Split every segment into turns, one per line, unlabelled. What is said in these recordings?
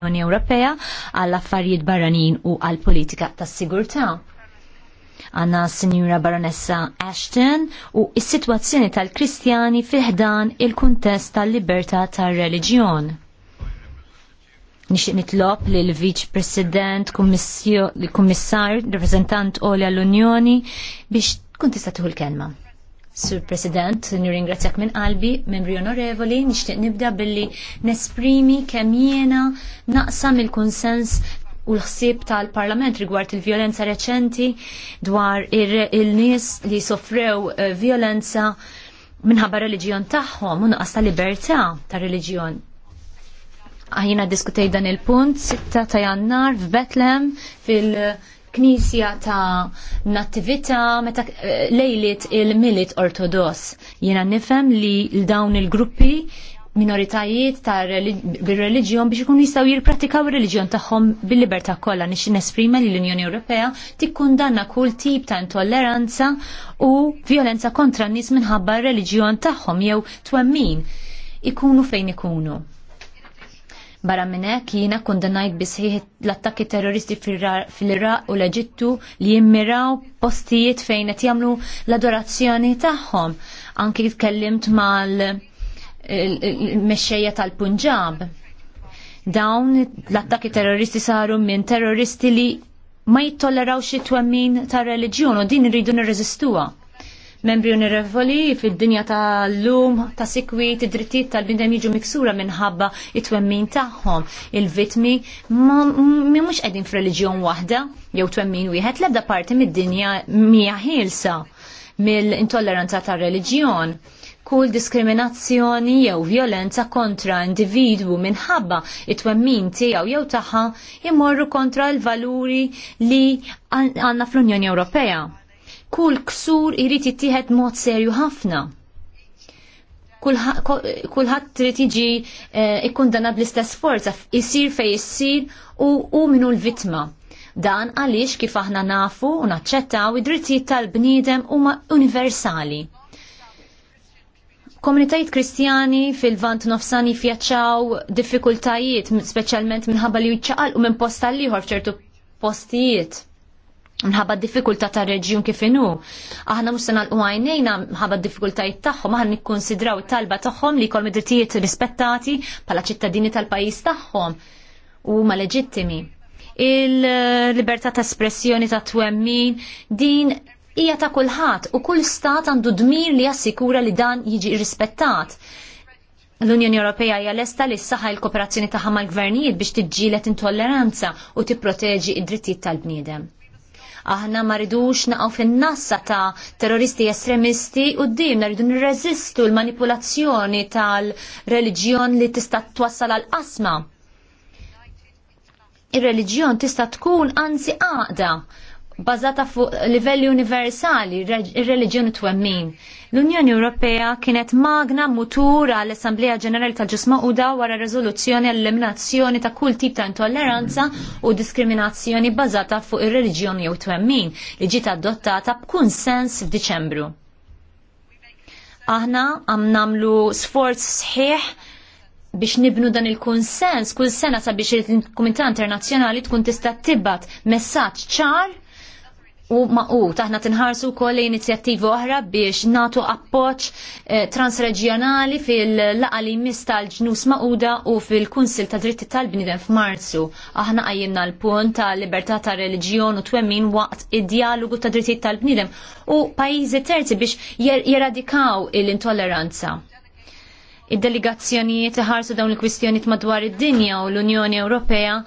l-Unjoni Ewropea għall affarijiet barranin u għall politika tas sigurtà Għanna Sinjura Baronessa Ashton u is-sitwazzjoni tal-Kristjani fiħdan il-kuntest tal-libertà tar-reliġjon. Nixtieq nitlob li l-Viċ President, Kummissar, Reprezentant Olja l-Unjoni biex tkun tista' tieħu l-kelma. Sur President, nirringrazzjak minn qalbi, membri onorevoli, nixtieq nibda billi nesprimi kemm jiena naqsam il-konsens u l-ħsieb tal-Parlament rigward il-vjolenza reċenti dwar il-nies li sofrew eh, vjolenza minħabba reliġjon tagħhom u nuqqas ta' libertà ta' reliġjon. Aħjina ah, diskutej dan il-punt 6 ta' jannar f'Betlem fil- knisja ta' nattività meta eh, lejlit il-milit ortodos. Jiena nifhem li l-dawn il-gruppi minoritajiet ta' bil-reliġjon biex ikun jistgħu jirpratikaw ir-reliġjon tagħhom bil-libertà kollha nix nesprima li l-Unjoni Ewropea tikkundanna kull tip ta' intolleranza u violenza kontra n-nies minħabba r-reliġjon tagħhom jew twemmin ikunu fejn ikunu. Barra minnek jina kondannajt bisħiħ l-attakki terroristi fil-Iraq u l-Eġittu li jimmiraw postijiet fejn qed jagħmlu l-adorazzjoni tagħhom. Anki tkellimt mal-mexxejja eh, tal-Punġab. Dawn l-attakki terroristi saru minn terroristi li ma jittollerawx it-twemmin tar-reliġjon u din irridu nirreżistuha membri onorevoli fid-dinja tal-lum ta' sikwit id-drittijiet tal-bindem jiġu miksura minħabba it-twemmin tagħhom. Il-vitmi għedin qegħdin f'reliġjon waħda jew twemmin wieħed l-ebda parti mid-dinja mija ħielsa mill-intolleranza tar-reliġjon kull diskriminazzjoni jew violenza kontra individwu minħabba it-twemmin tiegħu jew tagħha jmorru kontra l-valuri li għandna fl-Unjoni Ewropea kull ksur irid jittieħed mod serju ħafna. Kulħadd trid jiġi eh, ikkundana bl-istess forza isir fejn issir u hu minnu l-vittma. Dan għaliex kif aħna nafu u naċċettaw id-drittijiet tal-bniedem huma universali komunitajiet kristjani fil-vant nofsani fjaċċaw diffikultajiet, speċjalment minħabba li jċaqal u minn posta liħor fċertu postijiet minħabba d difikulta ta' reġjun kif inhu. Aħna mhux se nagħlqu għajnejna mħabba d-diffikultajiet tagħhom, aħna nikkonsidraw it-talba tagħhom li jkollhom id-drittijiet rispettati bħala ċittadini tal-pajjiż tagħhom huma leġittimi. Il-libertà ta' espressjoni ta' twemmin din hija ta' kulħadd u kull stat għandu dmir li jassikura li dan jiġi rispettat. L-Unjoni Ewropea hija lesta li saħħa l-kooperazzjoni tagħha mal-gvernijiet biex tiġġielet intolleranza u tipproteġi id-drittijiet tal-bniedem. Aħna ma rridux naqgħu fin-nassa ta' terroristi estremisti u d-dim nirreżistu l-manipulazzjoni tal-reliġjon li tista' twassal għal qasma. Ir-reliġjon tista' tkun anzi għaqda bażata fuq livelli universali, il reliġjoni twemmin. L-Unjoni Ewropea kienet magna mutur għall assembleja Ġenerali tal ġisma u da wara rezoluzzjoni eliminazzjoni ta' kull tip ta' intolleranza u diskriminazzjoni bazzata fuq ir-reliġjoni jew twemmin li ġiet adottata b'kun sens f'Diċembru. Aħna għam namlu sforz sħiħ biex nibnu dan il-konsens kull sena sabiex il-Kumitat Internazzjonali tkun tista' tibbat messaġġ ċar u maqut. Aħna tinħarsu wkoll inizjattivi oħra biex natu appoġġ eh, transreġjonali fil-laqa li jmiss tal-ġnus maquda u fil-Kunsil ta' Dritti tal-Bniedem f'Marzu. Aħna qajjimna l-punt ta' libertà ta' reliġjon u twemmin waqt id-dialogu ta' dritti tal-bniedem u pajjiżi terzi biex jeradikaw l-intolleranza id-delegazzjonijiet iħarsu dawn il-kwistjoniet madwar id-dinja u l-Unjoni Ewropea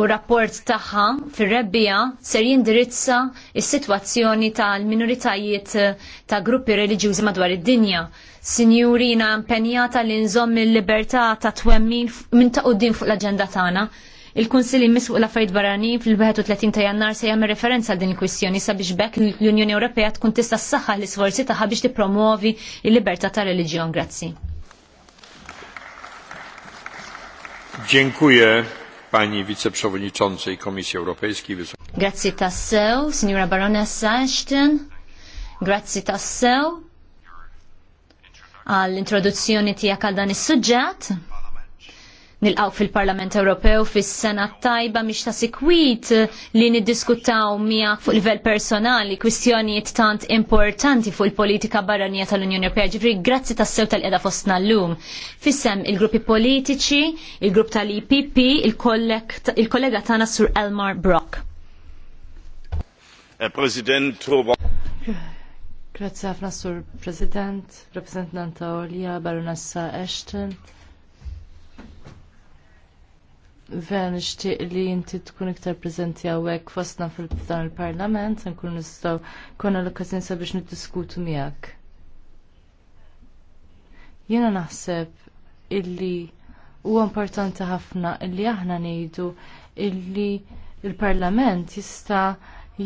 u rapport tagħha fir-rebbija ser jindirizza s sitwazzjoni tal-minoritajiet eh, ta' gruppi reliġjużi madwar id-dinja. Sinjurina impenjata li nżomm il-libertà ta' twemmin minn ta' quddiem fuq l-aġenda tagħna. Il-Kunsilli misfuq l-affarijiet barranin fil-31 ta' Jannar se jagħmel referenza għal din il-kwistjoni sabiex bekk l-Unjoni Ewropea tkun tista' ssaħħa l-isforzi tagħha biex tippromuovi l-libertà ta' reliġjon. Grazzi.
Dziękuję pani wiceprzewodniczącej Komisji Europejskiej.
Grazie tasseu, signora baronessa Ashton. Grazie tasseu għall-introduzzjoni tijak għal dan is nilqaw fil-Parlament Ewropew fis-sena tajba miex ta' sikwit li niddiskutaw miegħek fuq livell personali kwistjonijiet tant importanti fuq il-politika barranija tal-Unjoni Ewropea. Ġifri, grazzi tas-sew tal-qiegħda fostna llum. Fissem il-gruppi politiċi, il-grupp tal-IPP, il-kollega tagħna Sur Elmar Brock. President Grazie ħafna sur President,
rappresentant ta' Baronessa Ashton vera nixtieq li inti tkun iktar preżenti hawnhekk fostna fil-dan il-Parlament se nkunu nistgħu konna l-okkażjoni sabiex niddiskutu miegħek. Jiena naħseb illi huwa importanti ħafna illi aħna ngħidu illi l parlament jista'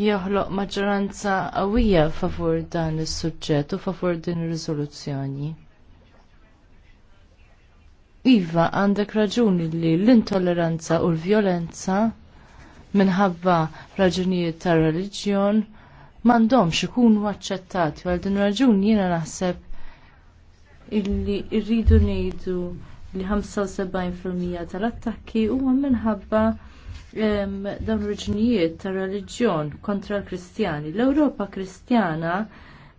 joħloq maġġoranza qawwija favur dan is-suġġett u favur din ir-riżoluzzjoni. Iva, għandek raġuni li l-intolleranza u l-violenza minħabba raġunijiet ta' reliġjon m'għandhomx ikunu aċċettati għal din raġuni jiena naħseb illi rridu ngħidu li 75% tal-attakki huwa minħabba dawn raġunijiet ta' reliġjon kontra l-Kristjani. L-Ewropa Kristjana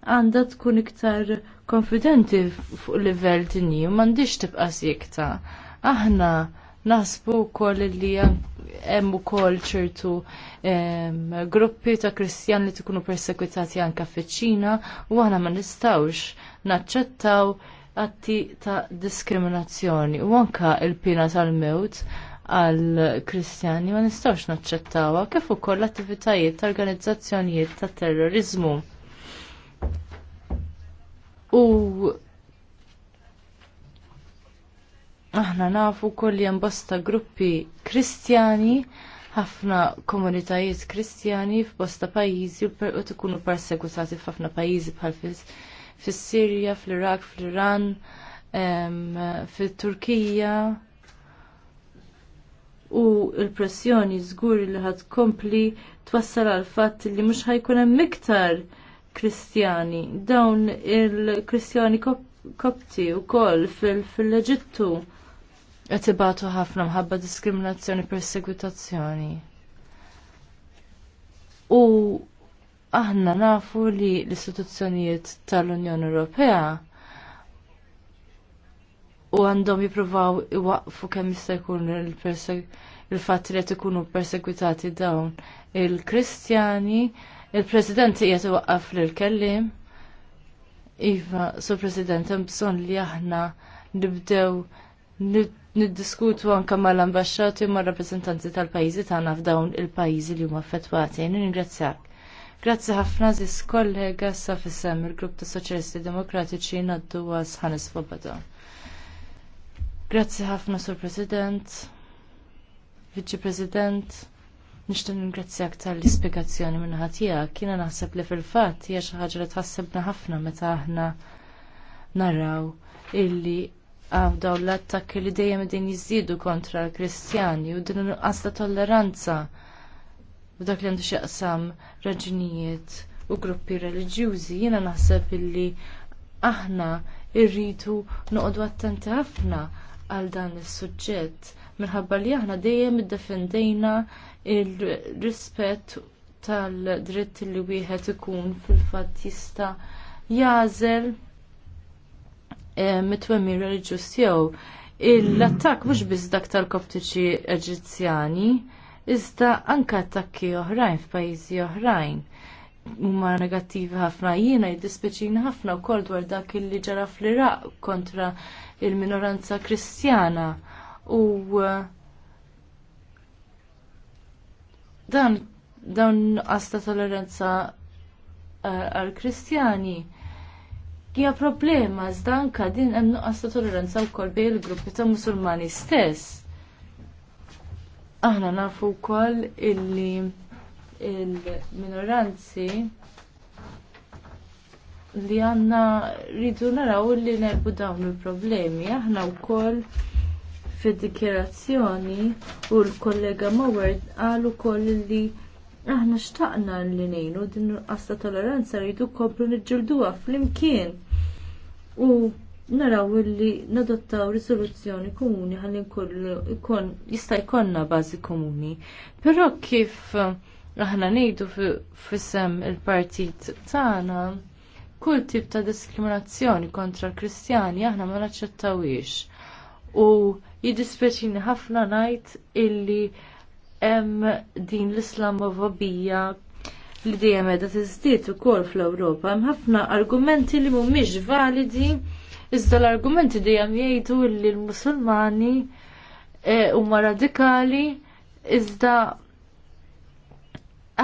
għandha tkun iktar konfidenti fuq livell dinji u m'għandix tibqa' sikta. Aħna nasbu wkoll li hemm ukoll ċertu gruppi ta' Kristjan li tkunu persekwitati anke fiċ-Ċina u aħna ma nistgħux naċċettaw atti ta' diskriminazzjoni u anke l pina tal-mewt għal kristjani ma nistgħux naċċettawha kif ukoll l-attivitajiet ta' organizzazzjonijiet ta' terrorizmu. U aħna nafu koll jem bosta gruppi kristjani, ħafna komunitajiet kristjani f'bosta pajjiżi u tkunu persegutati f'ħafna pajjiżi bħal fis-Sirja, fl-Iraq, fl-Iran, fil-Turkija. U l-pressjoni żgur li ħad kompli twassal għal fatt li mhux ħajkun hemm iktar Kristjani. Dawn il-Kristjani kopti u koll fil-Eġittu fil għetibatu ħafna mħabba diskriminazzjoni persegwitazzjoni. U aħna nafu li l-istituzzjonijiet tal-Unjoni Ewropea u għandhom jipruvaw iwaqfu kemm jista' jkun il-fatt li qed ikunu perseguitati dawn il-Kristjani Il-President qiegħed iwaqqaf l kellim. Iva, so President hemm bżonn li aħna nibdew niddiskutu anke mal-ambasċati u mar-rappreżentanti tal-pajjiżi tagħna f'dawn il-pajjiżi li huma affettwati. Ningrazzjak. Grazzi ħafna ziz kollega Safisem, il-grupp ta' Soċjalisti Demokratiċi naddu għas Hannes Fobada. Grazzi ħafna, Sur President, Viċi President. Nishtan ningrazzjak tal-ispiegazzjoni minn ħatija, kiena naħseb li fil-fat hija xi ħaġa li tħassibna ħafna meta aħna naraw illi għaw ah, daw l attak li dejjem din jizzidu kontra l-Kristjani u din qasta tolleranza u dak li għandu xieqsam raġunijiet u gruppi reliġjużi jiena naħseb illi aħna rridu noqogħdu attenti ħafna għal dan is-suġġett minħabba li aħna dejjem iddefendejna il-rispett tal-dritt li wieħed ikun fil-fatt jista' jażel eh, mitwemmi reliġjuż tiegħu. L-attakk mhux biss dak tal-Koptiċi Eġizzjani, iżda anke attakki oħrajn f'pajjiżi oħrajn huma negattivi ħafna jiena jiddispeċina ħafna wkoll dwar dak li ġara fl-Iraq kontra il-minoranza Kristjana u eh, Dan dawn asta toleranza eh, għal kristjani hija problema iżda anke din hemm nuqqas toleranza wkoll bejn il-gruppi ta' Musulmani stess. Aħna nafu wkoll illi il-minoranzi li għanna rridu naraw li nerbu dawn il-problemi. Aħna wkoll fid-dikjerazzjoni u l-kollega Moward qal koll li aħna xtaqna li nejnu din qasta toleranza rridu komplu nġilduha fl-imkien. U naraw li nadottaw risoluzzjoni komuni ħalli ikon jista' jkollna bażi komuni. Però kif aħna ngħidu f'isem il-partit tagħna kull tip ta' diskriminazzjoni kontra l-Kristjani aħna ma naċċettawiex u jiddispjaċini ħafna ngħid illi hemm din l-Islamofobija li dejjem qiegħda tiżdied ukoll fl-Ewropa. Hemm ħafna argumenti li mhumiex validi iżda l-argumenti dejjem jgħidu li l-Musulmani eh, huma radikali iżda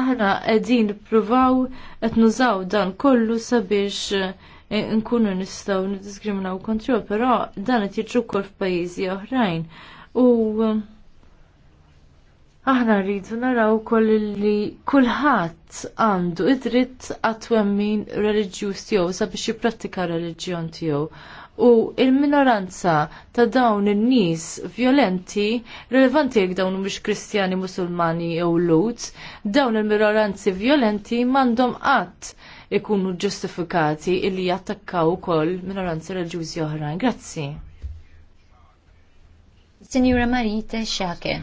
aħna qegħdin nippruvaw qed nużaw dan kollu sabiex E, nkunu nistgħu niddiskriminaw kontro, però dan qed jiġu wkoll f'pajjiżi oħrajn. U aħna rridu naraw koll li kulħadd għandu id-dritt għat-twemmin reliġjuż tiegħu sabiex jipprattika reliġjon tiegħu. U il-minoranza ta' dawn in-nies violenti rilevanti jekk dawn mhux Kristjani, Musulmani jew Lut, dawn il-minoranzi violenti m'għandhom qatt ikunu ġustifikati illi jattakkaw ukoll minoranzi
reliġjużi oħrajn. Grazzi. Sinjura Marite Xake,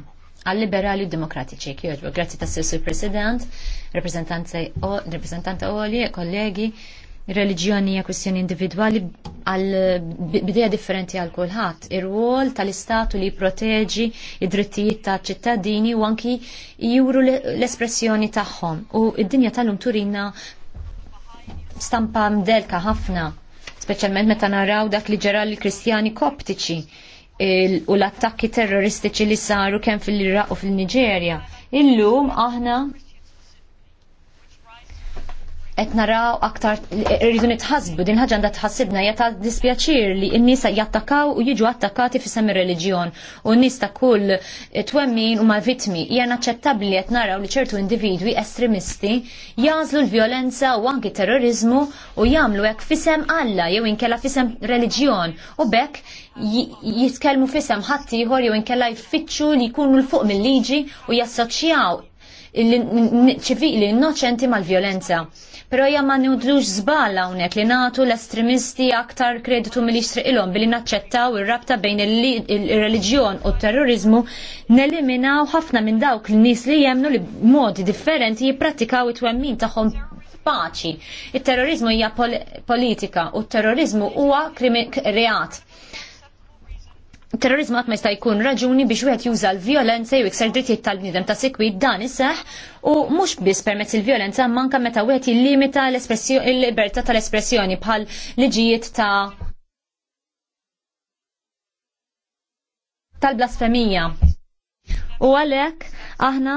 għal-liberali u demokratiċi, kjoġbo, grazzi ta' s President, rappresentante Oli, kollegi, reliġjoni hija kwestjoni individwali għal bidea differenti għal kulħadd. ir wol tal-istatu li proteġi id-drittijiet ta' ċittadini u anki juru l-espressjoni tagħhom. U id-dinja tal-lum turina stampa mdelka ħafna, speċjalment meta naraw dak li ġara l-Kristjani Koptiċi u l-attakki terroristiċi li saru kemm fil-Iraq u fil-Niġerja. Illum aħna qed naraw aktar irridu nitħasbu din ħaġa għandha tħassibna hija ta' dispjaċir li n-nies jattakaw u jiġu attakkati fi semmi reliġjon u n-nies ta' kull twemmin huma vittmi. Hija naċċettabbli qed naraw li ċertu individwi estremisti jażlu l-vjolenza u anki terrorizmu u jagħmlu hekk fisem Alla jew inkella fisem reliġjon u bekk jitkellmu fisem ħadd ieħor jew inkella jfittxu li jkunu l fuq mill-liġi u jassoċjaw ċivili innoċenti mal-violenza. Pero hija ma nudlux zbala hawnhekk li nagħtu l-estremisti aktar kreditu milli jixtriqilhom billi naċċettaw ir-rabta bejn il reliġjon u t-terrorizmu neliminaw ħafna minn dawk l-nies li jemnu li modi differenti jippratikaw it-twemmin tagħhom paċi. Il-terrorizmu hija politika u t-terrorizmu huwa reat terrorizmu għat ma jista' jkun raġuni biex wieħed juża l-vjolenza jew ikser drittijiet tal-bniedem ta' sikwit dan iseħħ u mhux biss permezz il-vjolenza manka meta wieħed jillimita l-libertà tal-espressjoni bħal liġijiet ta' tal-blasfemija. U għalhekk aħna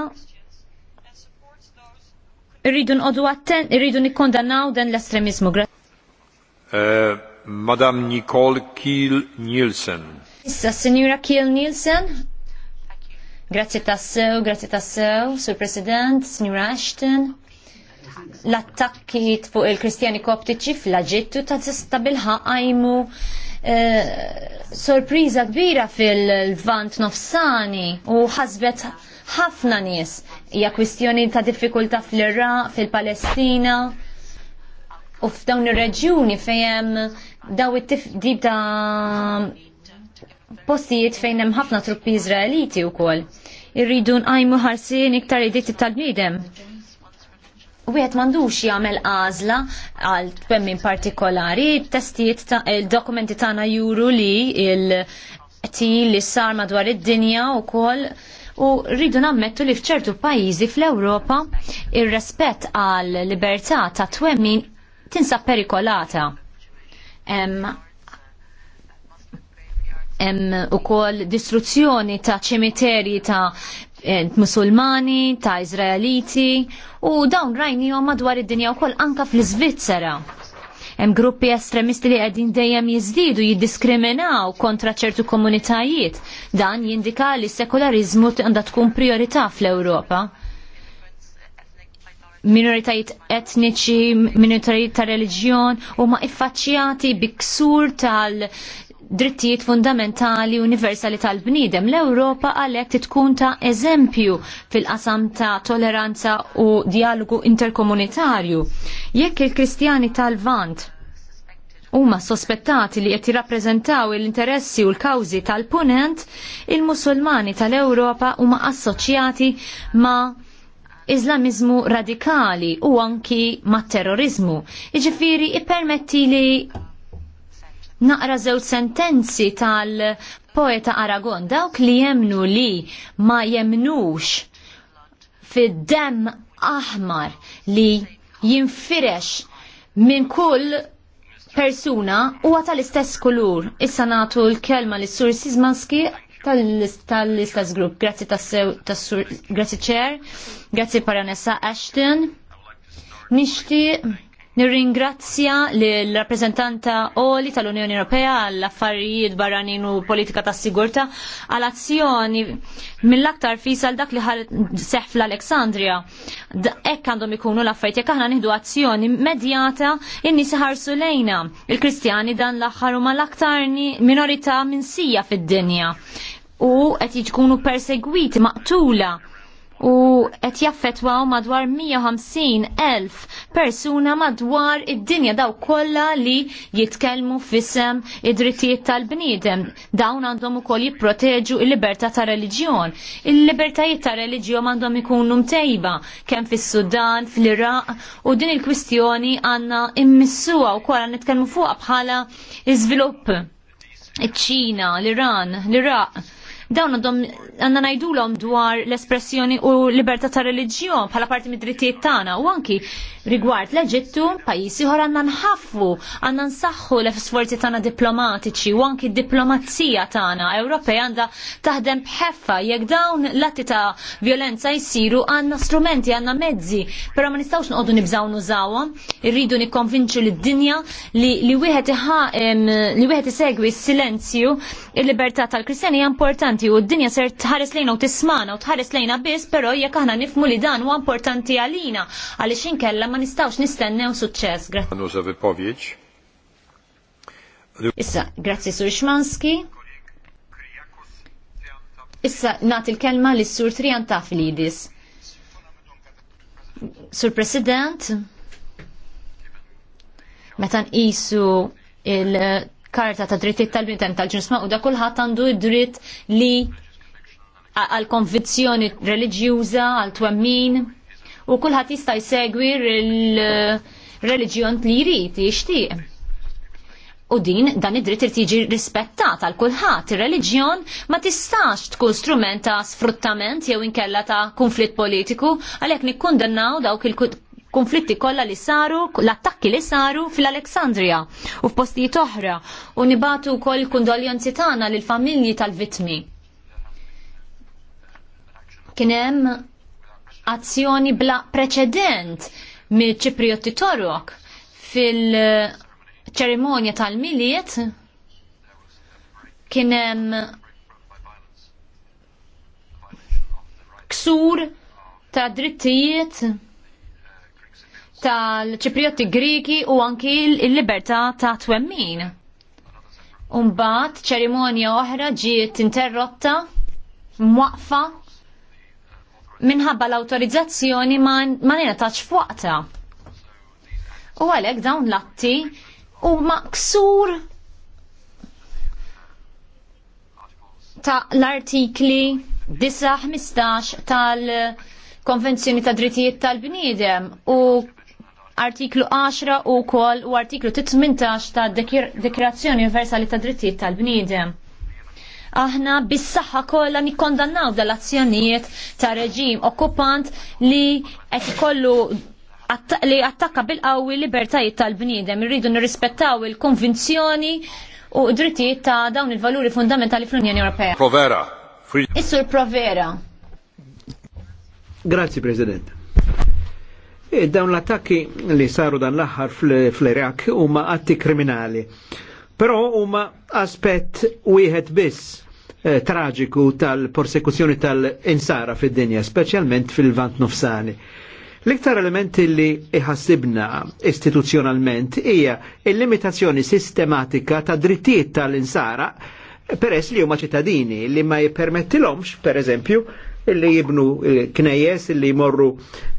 rridu nqodu atten, rridu nikkondannaw dan l-estremizmu.
Eh, Madam Nicole Kiel Nielsen.
Issa, Signora Kiel Nielsen. Grazzi tassew, grazie tassew, Sur President, Signora Ashton. L-attakki fuq il-Kristjani Koptiċi fl-ġittu ta' t bil-ħaqajmu eh, sorpriza kbira fil-vant nofsani u ħasbet ħafna nies hija kwistjoni ta' diffikulta fl-Iraq, fil-Palestina u f'dawn ir-reġjuni fejn daw it-tif ta' postijiet fejn hemm ħafna truppi Iżraeliti wkoll. Irridu nqajmu ħarsien iktar idiet tal-bniedem. Wieħed m'għandux jagħmel għażla għal twemmin partikolari, testijiet ta' dokumenti tagħna juru li il qtil li sar madwar id-dinja wkoll u rridu nammettu li fċertu pajjiżi fl-Ewropa ir respet għal libertà ta' twemmin tinsa perikolata hemm ukoll distruzzjoni ta' ċimiterji ta' eh, musulmani, ta' Izraeliti u dawn jom madwar id-dinja wkoll anke fl svizzera Hemm gruppi estremisti li qegħdin dejjem jiżdiedu jiddiskriminaw kontra ċertu komunitajiet. Dan jindika li s-sekularizmu għandha tkun priorità fl-Ewropa. Minoritajiet etniċi, minoritajiet ta' reliġjon huma iffaċċjati biksur tal drittijiet fundamentali universali tal-bnidem. L-Ewropa għalhekk tkun ta' eżempju fil-qasam ta' toleranza u dialogu interkomunitarju. Jekk il-Kristjani tal-Vant huma sospettati li qed jirrappreżentaw l-interessi u l-kawżi tal-punent, il-Musulmani tal-Ewropa huma assoċjati ma' iżlamiżmu radikali u anki ma' terrorizmu. Iġifiri, ippermetti li naqra żewġ sentenzi tal-poeta Aragon, dawk li jemnu li ma jemnux fid-dem aħmar li jinfirex minn kull persuna huwa tal-istess kulur. Issa nagħtu l-kelma lis sur Sizmanski tal-istess grupp. Grazzi tas-sur, grazzi ċer, grazzi Paranessa Ashton. Nishti, Nirringrazzja l-rappresentanta Oli tal-Unjoni Ewropea għall-affarijiet barranin u politika tas sigurta għal azzjoni mill-aktar fisa l dak li ħal seħf fl-Aleksandria. Ekk għandhom ikunu l-affarijiet jekk aħna nieħdu azzjoni medjata in-nies ħarsu lejna. Il-Kristjani dan l-aħħar huma l-aktar minorità minsija fid-dinja u qed jiġkunu persegwiti maqtula u qed jaffetwaw madwar 150 elf persuna madwar id-dinja daw kollha li jitkellmu f'isem id-drittijiet tal-bniedem. Dawn għandhom ukoll jipproteġu l-libertà ta' reliġjon. Il-libertajiet ta' reliġjon għandhom ikunu mtejba kemm fis-Sudan, fl-Iraq u din il-kwistjoni għandna immissuha wkoll għandna nitkellmu fuqha bħala iżvilupp iċ-Ċina, l-Iran, l-Iraq Dawn għandhom għandna ngħidulhom dwar l-espressjoni u libertà ta' religjon bħala parti mid-drittijiet tagħna u anki rigward l-Eġittu pajjiż ieħor għandna nħaffu, għandna nsaħħu l-sforzi tagħna diplomatiċi u anki d-diplomazija tagħna Ewropea għandha taħdem bħeffa jekk dawn l-atti ta' violenza jsiru għandna strumenti, għandna mezzi, però ma nistgħux noqogħdu nibżgħu nużawhom, irridu nikkonvinċu lid-dinja li li wieħed li wieħed isegwi s-silenzju il-libertà tal-Kristjani hija importanti importanti u d-dinja ser tħares lejna u tismana u tħares lejna biss, però jekk aħna nifmu li dan huwa importanti għalina għaliex inkella ma nistgħux nistennew suċċess. Issa, grazzi Sur Xmanski. Issa nat il kelma lis sur Trian Taflidis. Sur President, meta nqisu il- karta ta' drittijiet tal-bniedem tal-ġunsma u da kulħadd għandu id-dritt li għal konvizzjoni reliġjuża, għal twemmin u kulħadd jista' jsegwi il-reliġjon li jrid jixtieq. U din dan id-dritt irid jiġi rispettat għal kulħadd. Ir-reliġjon ma tistax tkun strument ta' sfruttament jew inkella ta' konflitt politiku għalhekk nikkundennaw dawk il konflitti kollha li saru, l-attakki li saru fil-Aleksandria u f'postijiet oħra u nibatu wkoll kondoljonzi tagħna lil familji tal-vittmi. Kien hemm azzjoni bla preċedent mill ċiprioti Torok fil-ċerimonja tal-miliet kien hemm ksur ta' drittijiet tal-ċiprioti Griki u anki l-libertà ta' twemmin. Umbat ċerimonja oħra ġiet interrotta, mwaqfa, minħabba l-autorizzazzjoni ma taċ fuqta. U għalhekk dawn l-atti u maqsur ta' l-artikli 9-15 tal-Konvenzjoni ta' Drittijiet tal-Bniedem u artiklu 10 u kol u artiklu 18 ta' Deklarazzjoni Universali ta' Drittijiet tal-Bniedem. Aħna bis-saħħa kollha nikkondannaw dal-azzjonijiet ta' reġim okkupant li qed ikollu li attakka bil-qawwi libertajiet tal-bniedem. Irridu nirrispettaw il-konvinzjoni u drittijiet ta' dawn il-valuri fundamentali fl-Unjoni Ewropea. Provera. Is-sur Provera.
Grazzi, President. E dawn l-attakki li saru dan l-aħħar fl-Iraq huma atti kriminali. Però huma aspett wieħed biss eh, traġiku tal-persekuzzjoni tal-insara fid-dinja, speċjalment fil-vant nofsani. L-iktar element li iħassibna istituzzjonalment hija il-limitazzjoni sistematika ta' drittijiet tal-insara peress li huma ċittadini li ma jippermettilhomx, per eżempju, illi jibnu eh, knejes illi jmorru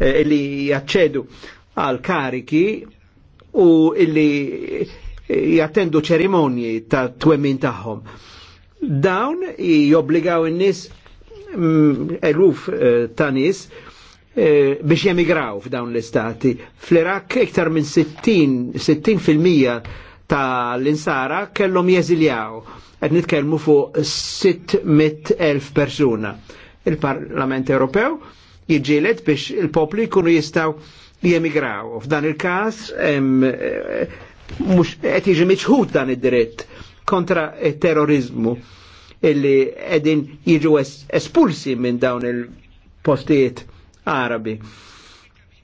eh, illi jaċċedu għal kariki u illi eh, jattendu ċerimonji ta' twemmin tagħhom. Dawn jobbligaw in-nies mm, eluf ta' nies biex jemigraw f'dawn l-istati. Fl-Irak iktar minn 60%, 60 ta' l-insara kellhom jeżiljaw. Qed nitkellmu fuq 600.000 persuna il-Parlament Ewropew jiġilet biex il-popli jkunu jistaw jemigraw. F'dan il-kas, eh, mhux qed jiġi miċħud dan id-dritt kontra terrorizmu illi edin jiġu espulsi minn dawn il-postijiet arabi.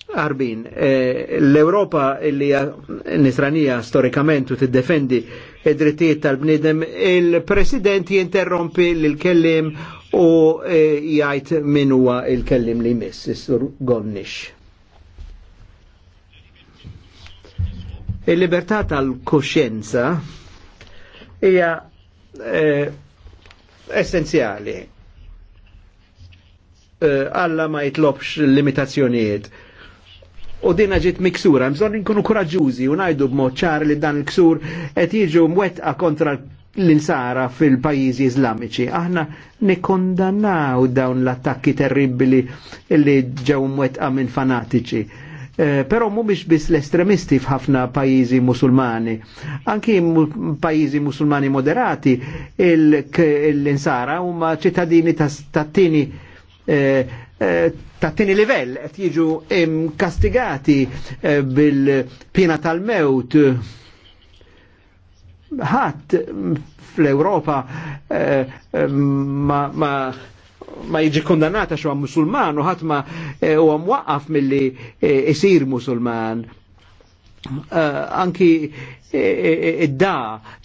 Arbin, eh, l-Europa illi nisranija storikament u tiddefendi id-drittijiet tal-bnidem, il-President jinterrompi l-kellim u e, jgħid min huwa il-kellim li jmiss, is-sur Gonnix. Il-libertà tal-kuxjenza hija eh, essenzjali għalla e, ma jitlobx limitazzjonijiet. U din ġiet miksura, mżon nkunu kuraġużi u najdu b'mod ċar li dan il-ksur qed jiġu mwettqa kontra l-insara fil-pajizi islamiċi. Aħna nekondannaw dawn l-attakki terribili li ġew mwetqa minn fanatiċi. pero eh, Però mhumiex biss l-estremisti f'ħafna pajjiżi musulmani. Anki pajjiżi musulmani moderati l-insara huma ċittadini tat-tini eh, eh, ta' tini livell qed jiġu kastigati bil-pina tal-mewt ħadd fl-Ewropa eh, eh, ma, ma jiġi kondannata xo għam musulman u ħatma eh, u għam waqqaf mill-li jisir musulman. Anki id-da,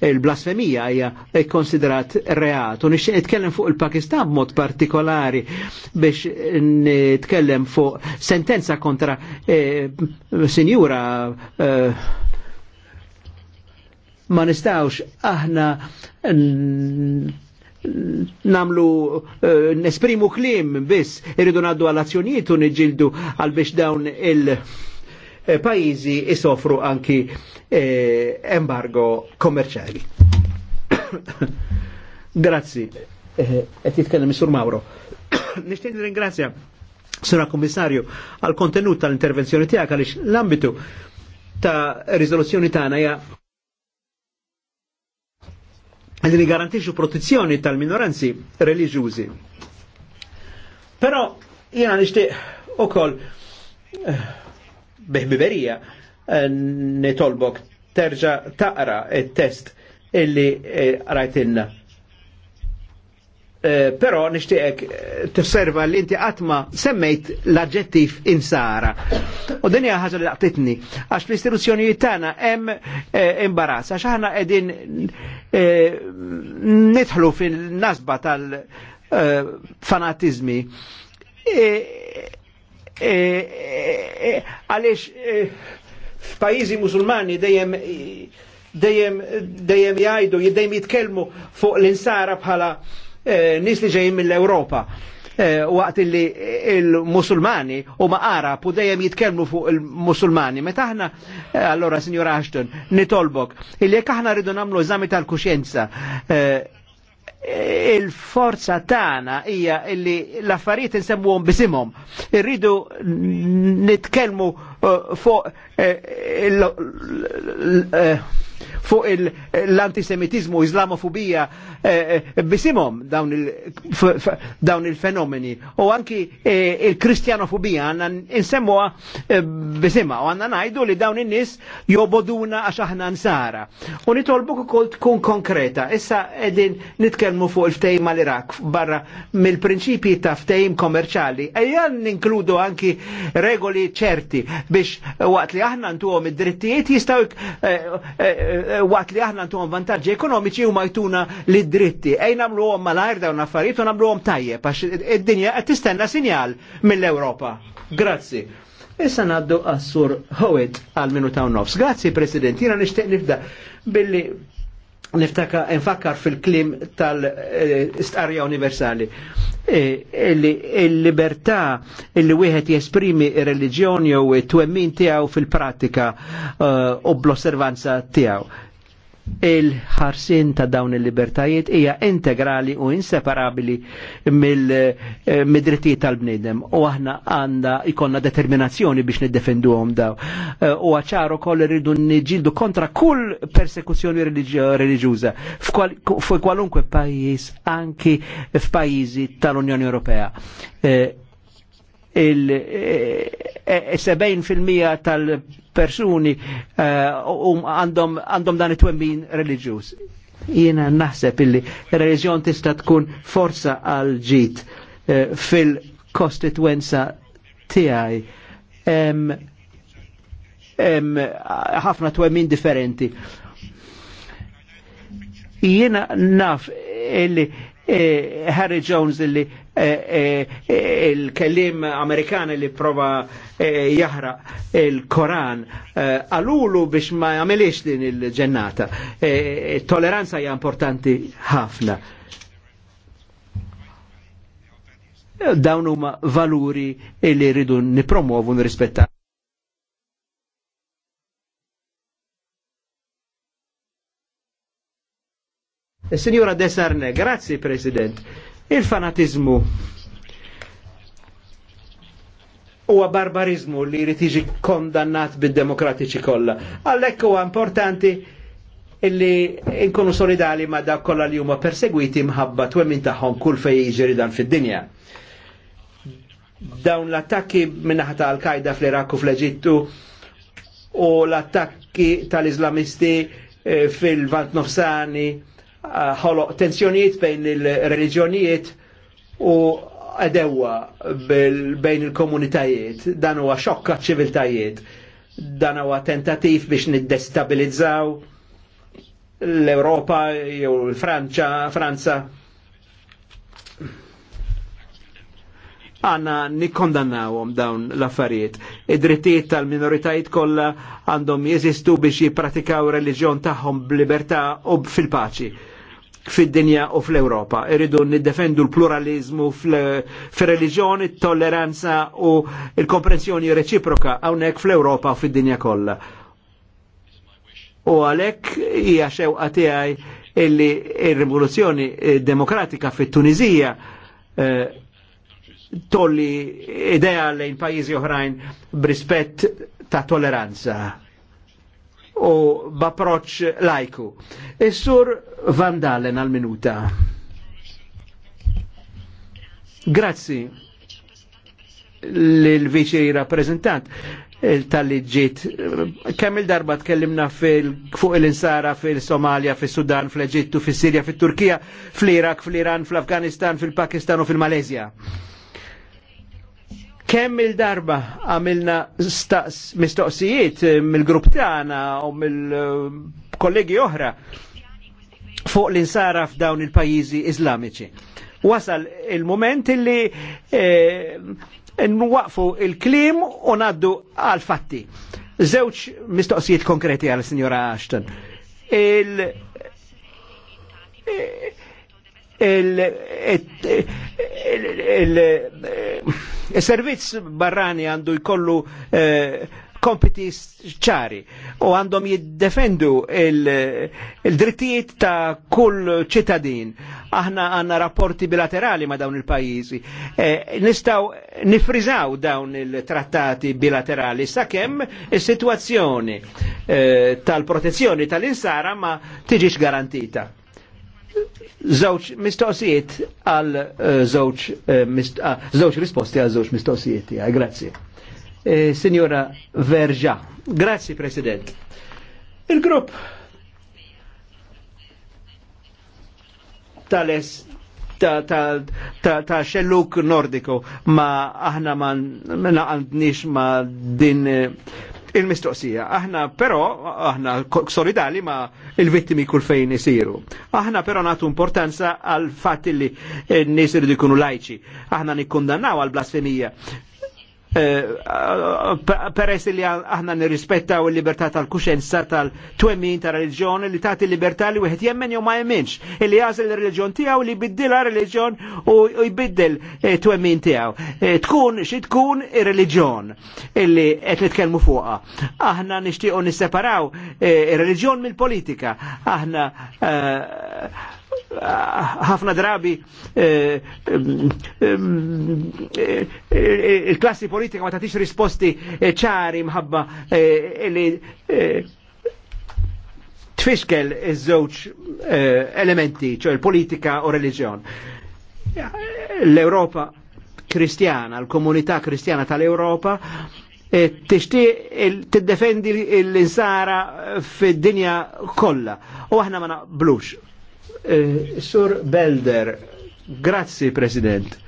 il-blasfemija hija konsiderat reat. U nixtieq nitkellem fuq il-Pakistan b'mod partikolari biex nitkellem fuq sentenza kontra sinjura ma nistawx aħna namlu eh, nesprimu klim biss irridu naddu għal azzjonijiet u niġildu għal biex dawn il-pajizi eh, isofru anki eh, embargo kommerċali. Grazzi. Qed jitkellem Sur Mauro. Nixtieq ringrazzja Sura Kommissarju għal kontenut tal-intervenzjoni tijak għaliex l-ambitu ta' rizoluzzjoni tana hija li garantixxu protezzjoni tal-minoranzi reliġjużi. Però jiena nixtieq ukoll ne eh, eh, nitolbok terġa taqra il-test illi eh, rajtinna Eh, però nixtieqek eh, tifserva li inti għatma semmejt l-aġġettiv insara. U din hija ħaġa li laqtitni, għax l-istituzzjonijiet tagħna hemm eh, imbarazz, għax aħna qegħdin nidħlu fin-nasba tal-fanatizmi għaliex f'pajjiżi musulmani dejjem dejjem dejjem jgħidu, dejjem jitkellmu fuq l-insara bħala Eh, nis li ġejjin mill-Ewropa eh, waqt li il-musulmani u ma Arab u dejjem jitkellmu fuq il-musulmani. Meta aħna, eh, allora, Signor Ashton, nitolbok, illi jekk aħna rridu nagħmlu eżami tal-kuxjenza, il-forza tagħna hija illi l-affarijiet insemmuhom bisimhom. Irridu nitkellmu fuq fuq l-antisemitizmu, islamofobija eh, eh, bisimom dawn il-fenomeni. U anki eh, il-kristjanofobija għanna insemmuha bisimma u għanna najdu li dawn in-nis joboduna għax aħna nsara. U nitolbuk ukoll tkun konkreta. Issa edin nitkellmu fuq il-ftejm l irak barra mill-prinċipji ta' ftejm kommerċali. Ejjan ninkludu anki regoli ċerti biex waqt li aħna ntuhom id-drittijiet jistgħu Eh, eh, waqt li aħna ntuhom vantaġġi ekonomiċi huma jtuna li dritti. Ej nagħmluhom malajr dawn affarijiet u nagħmluhom tajjeb għax id-dinja qed tistenna sinjal mill-Ewropa. Grazzi. Issa naddu għassur għowet għal minuta u nofs. Grazzi, President, jina nishtiq nifda billi niftaka nfakkar fil-klim tal istarja universali. E, il-libertà illi wieħed jesprimi il reliġjoni jew it-twemmin tiegħu fil-pratika uh, u bl-osservanza tiegħu il-ħarsin ta' dawn il-libertajiet hija integrali u inseparabili mill-drittijiet eh, tal-bnidem u aħna għanda ikonna determinazzjoni biex niddefenduhom daw. Eh, u għacħaru koll rridu niġildu kontra kull persekuzzjoni reliġjuża fuq kwalunkwe pajjiż anki f'pajjiżi tal-Unjoni Ewropea. Eh, il-70% eh, eh, tal-persuni eh, um, għandhom dan it-twemmin religjus. Jiena naħseb illi religjon tista' tkun forza għal ġit fil kostituenza tiegħi. ħafna twemmin differenti. Jiena naf illi Eh, Harry Jones illi eh, eh, il-kellim Amerikan li prova jahra il-Koran għalulu biex ma jamilix din il-ġennata. Toleranza hija importanti ħafna. Dawnu ma valuri li rridu nipromuovu nirrispettaw. Eh, signora Desarne, grazie President. Il-fanatizmu huwa barbarizmu li jrid jiġi kondannat bid-demokratiċi kollha. Għalhekk huwa importanti illi nkunu solidali ma dak kollha li huma persegwiti mħabba twemmin tagħhom kull fejn jiġri dan fid-dinja. Dawn l-attakki minnaħa ta' Al-Qaida fl-Iraq u fl-Eġittu u l-attakki tal-Islamisti eh, fil-Vant Nofsani ħoloq tensjonijiet bejn il-reliġjonijiet u għedewa bejn il-komunitajiet. Dan huwa xokka ċiviltajiet. Dan huwa tentativ biex niddestabilizzaw l-Europa jew l-Franċa, Franza. għanna nikkondannawhom dawn l-affarijiet. Id-drittijiet tal-minoritajiet kollha għandhom jeżistu biex jippratikaw reliġjon tagħhom b'libertà u fil-paċi fid-dinja u fl-Europa. Irridu niddefendu l-pluralizmu fil-reliġjoni, tolleranza u l-komprensjoni reċiproka hawnhekk fl-Europa u fid-dinja kollha. U għalhekk hija xewqa tiegħi illi ir-rivoluzzjoni demokratika fit-Tunizija eh, tolli idea lejn pajjiżi oħrajn brispett ta' tolleranza u b'approċċ lajku. Is-sur Vandalen għal-minuta. Grazzi l-viċi rappresentant eh, tal-liġġiet. Kemm il-darba tkellimna fuq il-insara fil-Somalia, fil-Sudan, fil-Eġittu, fil-Sirja, fil-Turkija, fl-Irak, fl-Iran, fl-Afganistan, fil-Pakistan u fil-Malezja. fil pakistan u fil fil pakistan u fil malezja Kemm il-darba għamilna mistoqsijiet eh, mill-grupp tagħna u mill-kollegi oħra fuq l-insara f'dawn il-pajjiżi iżlamiċi. Wasal il-moment illi eh, nwaqfu il-klim u naddu għal-fatti. Zewċ mistoqsijiet konkreti għal-Sinjora Ashton. il- il- il- il- E servizz barrani għandu jkollu eh, kompiti ċari u għandhom jiddefendu il-drittijiet il ta' kull ċittadin. Aħna għanna rapporti bilaterali ma' dawn il-pajizi. E, nistaw nifrizaw dawn il-trattati bilaterali sakemm is situazzjoni e, eh, tal-protezzjoni tal-insara ma tiġix garantita. Zawċ mistoqsijiet għal zawċ eh, eh, ah, żewġ risposti għal zawċ mistoqsijiet tiegħi. Grazzi. Eh, Signora Verġa, Grazzi President. Il-grupp tal-es ta, ta xelluk nordiku ma aħna ma naqandniex ma din il-mistoqsija. Aħna però, aħna solidali ma il-vittimi kull fejn isiru. Aħna però natu importanza għal fatt li n-nies irridu jkunu lajċi. Aħna nikkundannaw għal blasfemija Eh, peress li aħna nirrispettaw il-libertà tal-kuxenza tal-twemmin ta' reliġjon li tagħti libertà li wieħed jemmen jew ma jemminx, illi jażel ir-reliġjon tiegħu li jbiddilha reliġjon u jbiddil eh, twemmin tiegħu. Eh, tkun xi tkun ir-reliġjon illi qed nitkellmu fuqha. Aħna nixtiequ nisseparaw ir-reliġjon mill-politika. Aħna ħafna drabi eh, eh, eh, il-klassi politika ma tatix risposti ċari mħabba li tfiskel iż-żewġ elementi, ċo il-politika u religjon. L-Europa kristjana, l-komunità kristjana tal-Europa t tiddefendi l-insara fid-dinja kollha u aħna ma naqblux Eh, Sur Belder, grazzi President.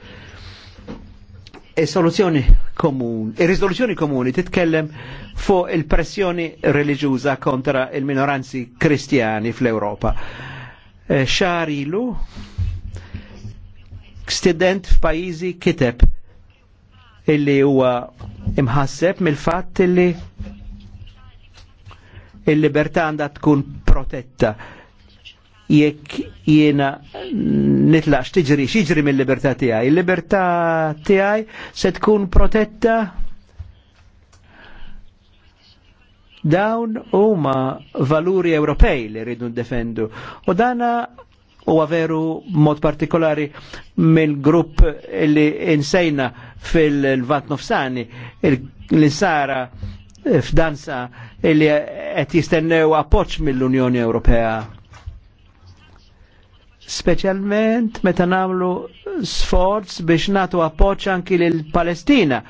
Is-soluzzjoni e komuni, ir-riżoluzzjoni e komuni titkellem fu il-pressjoni religjuza kontra il-minoranzi kristjani fl europa Xarilu, eh, Xar ilu student f'pajjiżi kiteb illi huwa imħasseb mill-fatt illi il-libertà għandha tkun protetta jekk jiena nitlax tiġri xiġri mill-libertà tiegħi. Il-libertà tiegħi se tkun protetta dawn huma valuri Ewropej li rridu ndefendu. U dana u veru mod partikolari mill-grupp li insejna fil-Vant Nofsani, l-insara f'dansa li qed jistennew appoġġ mill-Unjoni Ewropea specialment meta namlu sforz biex natu appoċ anki l-Palestina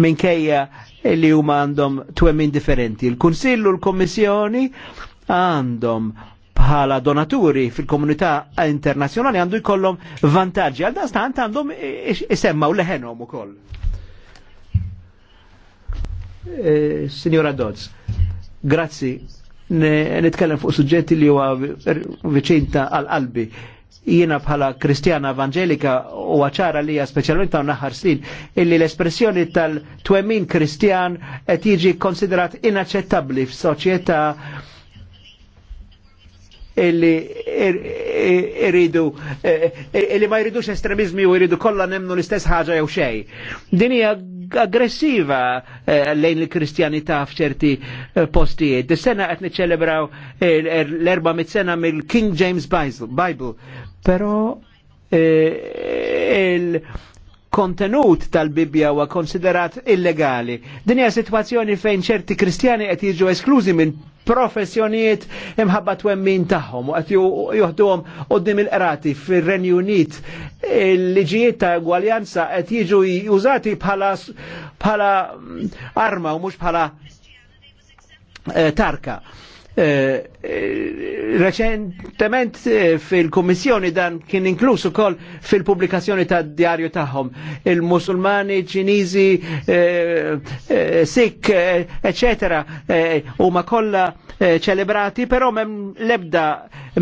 minkejja li huma għandhom twemmin differenti. Il-Kunsillu l-Kommissjoni għandhom bħala donaturi fil-komunità internazjonali għandu jkollhom vantaġġi għal dan stant għandhom isemmaw leħenhom ukoll. Eh, signora Dodds, grazzi nitkellem fuq suġġetti li huwa viċin ta' għal-qalbi. Jiena bħala kristjana evangelika u ċara li speċjalment ta' naħar snin illi l-espressjoni tal-twemmin kristjan qed jiġi konsiderat inaċċettabbli f'soċjetà illi iridu eh, eh, illi ma jridux estremizmi u jridu kollha nemnu l-istess ħaġa jew xej. Din hija aggressiva eh, lejn il-Kristjanità f'ċerti eh, postijiet. dis sena qed niċċelebraw l-400 er-, sena mill-King James Bible, però eh, il- kontenut tal-Bibja huwa konsiderat illegali. Din hija sitwazzjoni fejn ċerti kristjani qed jiġu esklużi minn professjonijiet imħabba twemmin tagħhom u qed juħduhom qudiem il-qrati fir-Renju Unit il-liġijiet ta' gwaljanza qed jiġu jużati bħala bħala mm, arma u mhux bħala eh, tarka. Eh, eh, reċentement eh, fil-Kommissjoni dan kien inkluż ukoll fil-pubblikazzjoni ta' djarju tagħhom. Il-Musulmani, Ċiniżi, Sik eccetera, huma kollha ċelebrati, però m'hemm l-ebda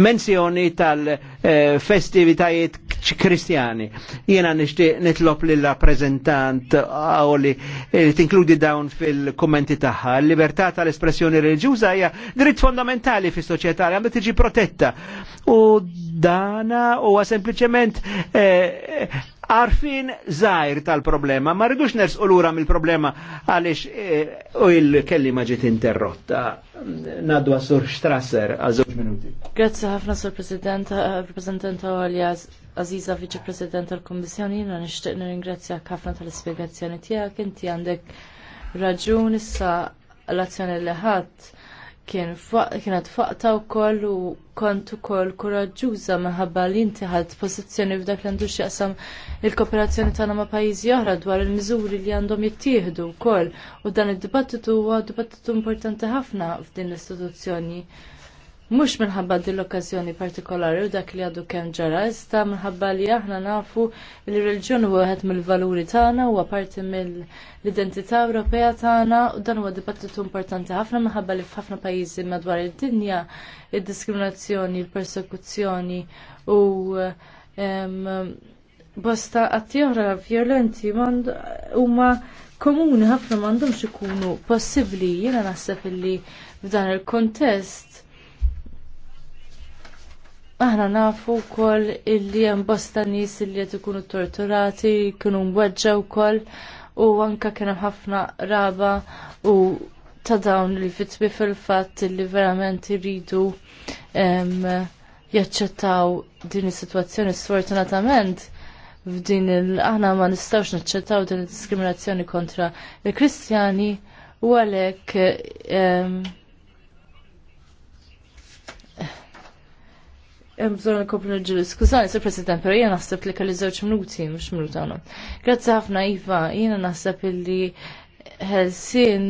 menzjoni tal-festivitajiet kristjani. Jena nishtiq nitlob li la prezentant u li eh, tinkludi dawn fil-kommenti taħħa. Libertà tal-espressjoni religjuża hija dritt fondamentali fis soċjetà li għandha tiġi protetta. U dana huwa sempliċement eh, Arfin zaħir tal-problema, ma rridux ners u lura mill-problema għalix eh, u il ma ġiet interrotta. Naddu għasur Strasser, għazur minuti.
Grazie ħafna, Sur President, rappresentant għalja Aziza Viċi President tal-Kommissjoni, jina nixtieq nirringrazzjak ħafna tal-ispjegazzjoni tiegħek, inti għandek raġun issa l-azzjoni li ħadd kien kienet faqta wkoll u kont ukoll kuraġuża minħabba li inti ħadd pożizzjoni f'dak li għandu x'jaqsam il-kooperazzjoni tagħna ma' pajjiżi oħra dwar il-miżuri li għandhom jittieħdu wkoll u dan id-dibattitu huwa dibattitu importanti ħafna f'din l-istituzzjoni mux minħabba din l-okkazjoni partikolari u dak li għadu kemm ġara, iżda minħabba li aħna nafu li reġjon u għed mill-valuri tagħna huwa parti mill-identità Ewropea tagħna u dan huwa dibattitu importanti ħafna minħabba li f'ħafna pajjiżi madwar id-dinja id-diskriminazzjoni, il-persekuzzjoni u bosta atti oħra u huma komuni ħafna m'għandhomx ikunu possibbli jiena naħseb illi f'dan il-kontest Aħna nafu wkoll illi hemm bosta nies illi qed ikunu torturati, kienu mweġġa wkoll u anke kien hemm ħafna raba u ta' dawn li fitbi fil-fatt li verament iridu jaċċettaw din is-sitwazzjoni sfortunatament f'din il aħna ma nistgħux naċċettaw din id-diskriminazzjoni kontra il-Kristjani u għalhekk Bżon nkoplu ġili. Skużani, Sir President, pero jena nasab li kalli żewġ minuti, mhux minuta għana. Grazzi ħafna, Iva, jena naħseb illi ħelsin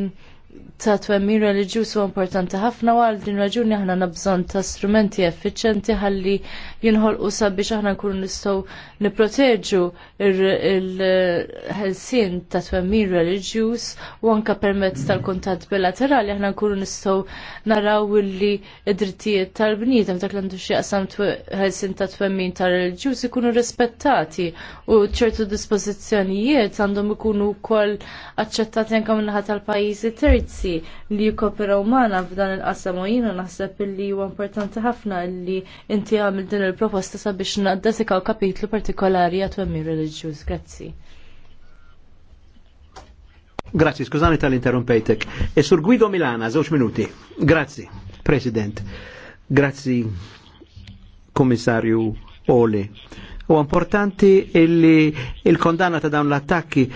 ta' twemmin reliġjuż huwa importanti ħafna u għal din raġuni aħna nabżon ta' strumenti effiċenti ħalli jinħolqu sabiex aħna nkunu nistgħu nipproteġu il-ħelsien ta' twemmin reliġjuż u anke permezz tal-kuntatt bilaterali aħna nkunu nistgħu naraw li id-drittijiet tal-bniedem dak l-għandu qasam ħelsien ta' twemmin ta' reliġjuż ikunu rispettati u ċertu dispożizzjonijiet għandhom ikunu wkoll aċċettati anke minnaħa tal-pajjiżi terzi servizzi li jikoperaw magħna f'dan il-qasam u jiena naħseb li huwa importanti ħafna li inti għamil din il-proposta sabiex naddesikaw kapitlu partikolari għat-twemmir reliġjuż. Grazzi.
Grazzi, skużani tal-interrumpejtek. E sur Guido Milana, żewġ minuti. Grazzi, President. Grazzi, Komissarju Oli U importanti illi il-kondanna ta' dawn l-attakki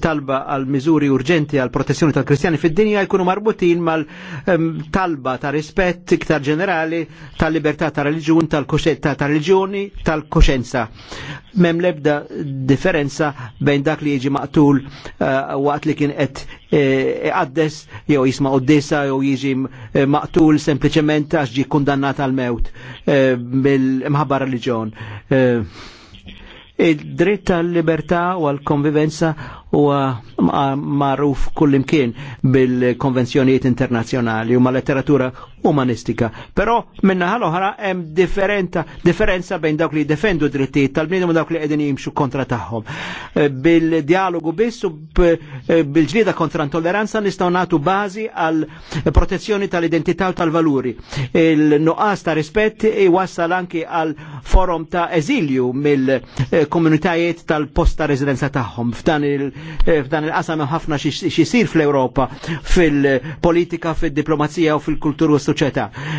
talba għal miżuri urġenti għal protezzjoni tal-Kristjani fid-dinja jkunu marbutin mal-talba ta' rispett iktar ġenerali tal-libertà ta' reliġjun, tal-reliġjoni, tal koscienza Mem lebda differenza bejn dak li jiġi maqtul eh, waqt li kien qed għaddes eh, jew jisma' qoddisa jew jiġi eh, maqtul sempliċement għax ġi kundannat għal mewt mill imħabba reliġjon Id-dritt tal-libertà u għal-konvivenza huwa magħruf kullimkien bil-konvenzjonijiet internazzjonali u mal-letteratura umanistika. Però minna ħal-oħra hemm differenza bejn dawk li defendu drittijiet tal-bniedem u dawk li qegħdin jimxu kontra tagħhom. Eh, bil-dialogu biss u eh, bil-ġlieda kontra intolleranza nistgħu nagħtu bażi għal protezzjoni tal-identità u tal-valuri. Il-nuqqas ta' rispett iwassal anki għal forum ta' eżilju mill-komunitajiet tal posta residenza tagħhom. F'dan eh, il-qasam ħafna xisir fl-Ewropa fil-politika, fil-diplomazija u fil-kulturu tas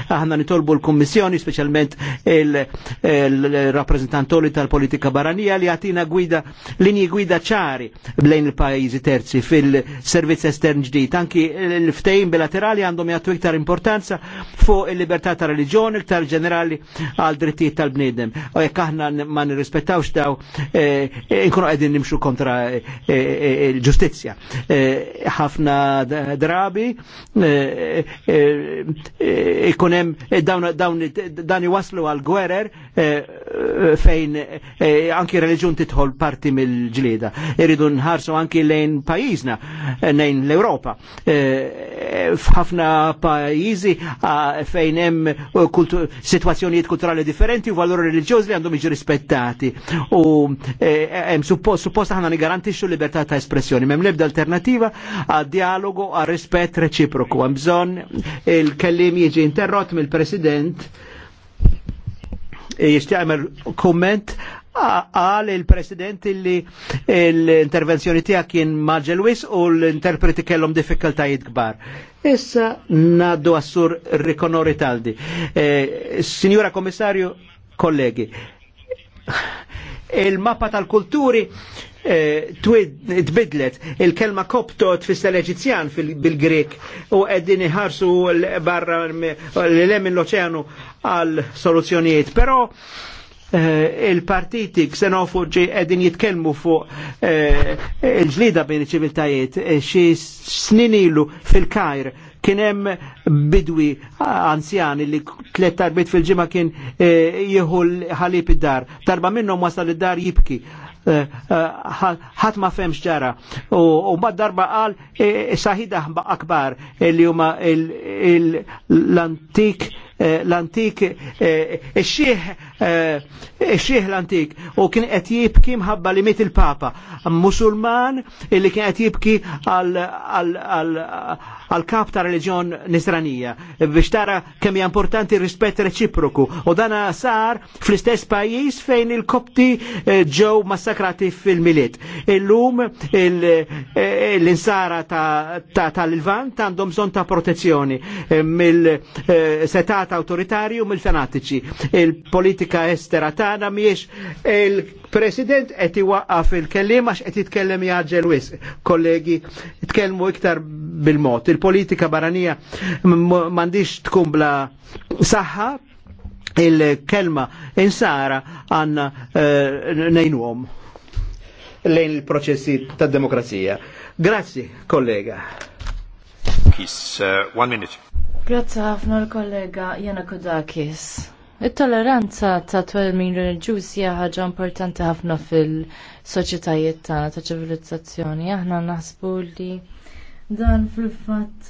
Aħna nitolbu l-Kummissjoni, speċjalment il-rappreżentantoli tal-politika barranija li għatina gwida linji gwida ċari bejn il-pajjiżi terzi fil-servizz estern ġdid. Anki l ftejn bilaterali għandhom jagħtu iktar importanza fuq il-libertà ta' reliġjoni iktar ġenerali għal drittijiet tal-bniedem. U jekk aħna ma nirrispettawx daw inkunu eh, eh, għedin nimxu kontra eh, il ġustizja Ħafna drabi ikunem eh, dawn, dawn, dan iwaslu għal gwerer eh, eh, fejn anki reliġjun titħol parti mill-ġlieda. Iridu nħarsu anki lejn pajjiżna, lejn l-Europa. F'ħafna pajjiżi ah, fejn hemm sitwazzjonijiet kulturali differenti u valur religjuż li għandhom jiġu rispettati. U hemm suppost aħna nigarantixxu libertà ta' espressjoni, m'hemm l-ebda alternativa għad dialogu għar rispett reċiproku. Hemm bżonn il-kelli il jieġi interrot mill-president e jistjamel komment għal il-president illi l-intervenzjoni tija kien maġelwis u l-interpreti kellom diffikultajiet gbar. Issa naddu għassur Rikonori Taldi. E, Signora Komissarju, kollegi, il-mappa tal-kulturi Eh, tbidlet il-kelma kopto tfisser eġizjan bil-Grek u għeddin iħarsu barra l-lem l-oċeanu għal soluzzjonijiet. Pero eh, il-partiti xenofoġi għedin jitkelmu fuq eh, il-ġlida bejn ċiviltajiet xie sninilu fil-kajr kienem bidwi anzjani li tlet tarbit fil ġimgħa kien jieħu ħalib id-dar. Tarba minnhom wasal id-dar jibki ħat ma femx ġara. U mbagħad darba qal e, e, saħida akbar il huma l-antik Eh, l-antik, eh, xieħ eh, l-antik, u kien qed jibki mħabba li mit il-Papa, musulman illi kien qed jibki għal-kap ta' reġjon nisranija, biex tara kemm hija importanti rispett reċiproku. U dan sar fl-istess pajjiż fejn il-kopti ġew massakrati fil-miliet. Illum l-insara tal-Lvant għandhom bżonn ta' protezzjoni mill-setat stat autoritarju mil fanatiċi Il-politika estera tagħna miex il-President qed iwaqqaf il kellim għax qed jitkellem jaġġel wis. Kollegi, tkellmu iktar bil-mod. Il-politika baranija m'għandix tkun bla saħħa il-kelma insara għanna uh, eh, nejnuhom lejn il-proċessi ta' demokrazija. Grazie, kollega. Peace. Uh, one minute.
Grazzi ħafna l-kollega Jana Kodakis. It-toleranza ta' twelmin reliġjuż hija ħaġa importanti ħafna fil-soċjetajiet tagħna ta' ċivilizzazzjoni. Aħna naħsbu li dan fil-fatt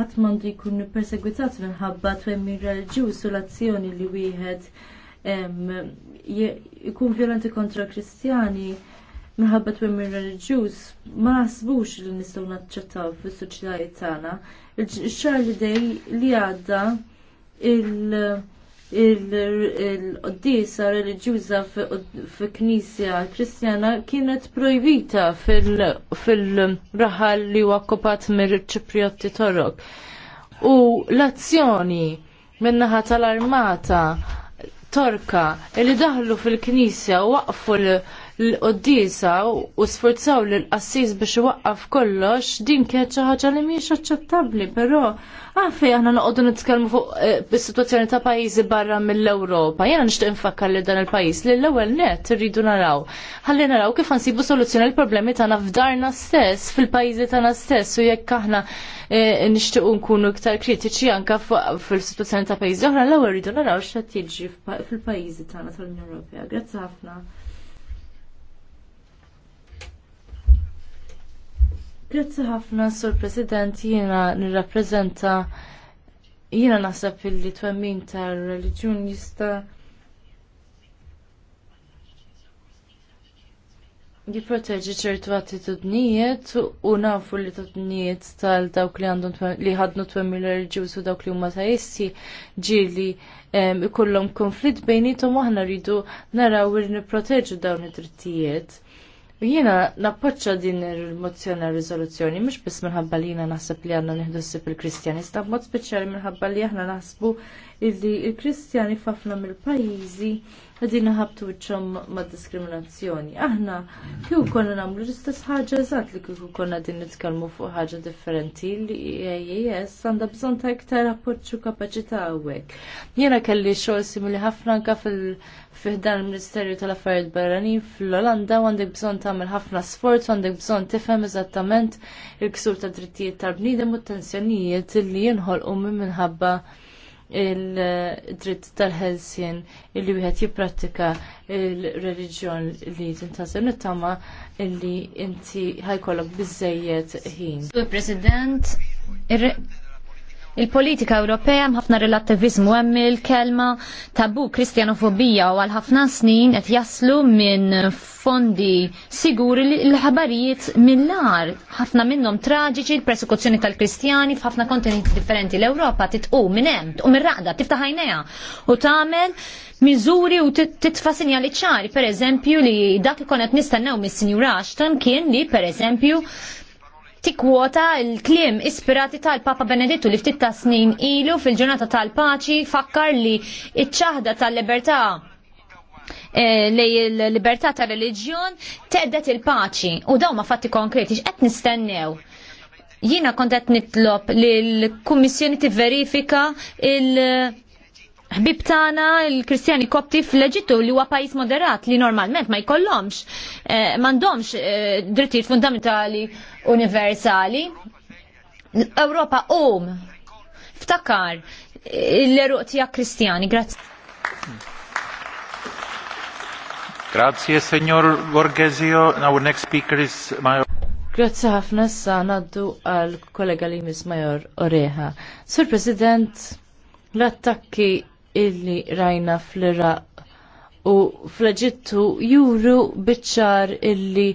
ħadd m'għandu jkun perseguitat minħabba twemmin reliġjuż u l-azzjoni li wieħed ikun violenti kontra Kristjani minħabba twemmin reliġjuż ma naħsbux li nistgħu naċċettaw fis-soċjetajiet tagħna. Ix-xahar li dej li għadda il- qoddisa reliġjuża fi knisja kristjana kienet projbita fil-raħal li huwa kopat mir-ċipriotti torok. U l-azzjoni minnaħa tal-armata torka li daħlu fil-knisja u waqfu l- l-qoddisa u sforzaw l-qassis biex iwaqqaf kollox din kienet xi ħaġa li mhijiex aċċettabbli, però għalfej aħna noqogħdu nitkellmu fuq eh, is-sitwazzjoni ta' pajjiżi barra mill-Ewropa. Jiena nixtieq infakkar li dan il-pajjiż li l-ewwel nett irridu naraw. Ħalli naraw kif ansibu soluzzjoni l-problemi tagħna f'darna stess, fil-pajjiżi tagħna stess u jekk aħna eh, nixtiequ nkunu iktar kritiċi anke fil-sitwazzjoni ta' pajjiżi oħra l-ewwel irridu naraw x'qed jiġri fil-pajjiżi tagħna tal-Unjoni Ewropea. Grazzi ħafna. Grazzi ħafna, Sur President, jiena nirrappreżenta jiena naħseb illi twemmin tar-reliġjun jista' Jipproteġi ċertu attitudnijiet u nafu li attitudnijiet tal dawk li għandhom li ħadnu twemmin l-reġjus u dawk li huma tajissi ġili ikollhom konflitt bejnietom aħna rridu naraw li nipproteġu dawn id-drittijiet. U jiena nappoċċa din il-mozzjoni riżoluzzjoni mhux biss minħabba li jiena naħseb li għandna nieħdu ssib il-Kristjani, sta mod speċjali minħabba li aħna naħsbu illi il-Kristjani fafna mill-pajjiżi għadin naħabtu bċom ma' diskriminazzjoni. Aħna, kju konna namlu l-istess ħagġa eżat li kju konna din nitkalmu fuq ħagġa differenti li EAS għanda bżon ta' iktar rapportu kapacita għawek. Jena kelli xogħol simili ħafna anka fil-fihdan il-Ministerju tal-Affarijiet Barranin fl-Olanda għandek bżon tagħmel ħafna sforz, għandek bżon tifhem eżattament il-ksur ta' drittijiet tal bnidem u t tensjonijiet li jinħolqu minħabba il-dritt tal-ħelsien illi wieħed jipprattika il-reliġjon li tintasem nittama tama illi inti ħajkollok biżejjed ħin.
Sur President, Il-politika Ewropea mħafna relattivizmu hemm il-kelma tabu kristjanofobija u għal ħafna snin qed jaslu minn fondi siguri l-ħabarijiet mill-ar. ħafna minnhom traġiċi l-persekuzzjoni tal-Kristjani f'ħafna kontinenti differenti l-Ewropa titqu minn hemm, U mir-raqda, tiftaħ u tagħmel miżuri u titfa' sinjali ċari, pereżempju li dak li konet nistennew mis-Sinjur Ashton kien li pereżempju tikwota l-kliem ispirati tal-Papa Benedittu li ftit ta' snin ilu fil-ġurnata tal-paċi fakkar li iċ-ċaħda tal-libertà eh, li l-libertà ta' reliġjon teddet il-paċi u daw ma fatti konkreti x'qed nistennew. Jina kontet nitlob li l-Kummissjoni tivverifika il- ħbib tagħna il-Kristjani Kopti fl-Eġittu li huwa pajjiż moderat li normalment ma jkollhomx eh, m'għandhomx eh, drittijiet fundamentali universali. Ewropa um ftakar eh, l-eruq tiegħek Kristjani, grazzi.
Grazie, signor Borgesio. Now, next speaker is Major.
Grazzi ħafna sa naddu għal kollega li mis Major Oreha. Sur President, l-attakki illi rajna fl-Iraq u fl-Eġittu juru biċ-ċar illi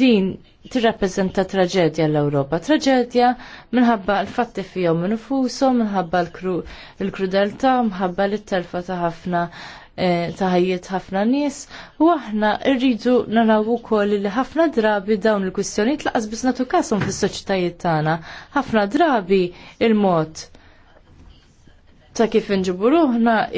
din tirrappreżenta traġedja l-Ewropa. Traġedja minħabba l-fatti fihom infushom, minħabba l-krudeltà, minħabba l-telfa ta' ħafna eh, ta' ħajjiet ħafna nies u aħna rridu naraw ukoll li ħafna drabi dawn il-kwistjonijiet laqas biss nagħtu kasum fis-soċjetajiet tagħna. Ħafna drabi il-mod ta' kif inġibu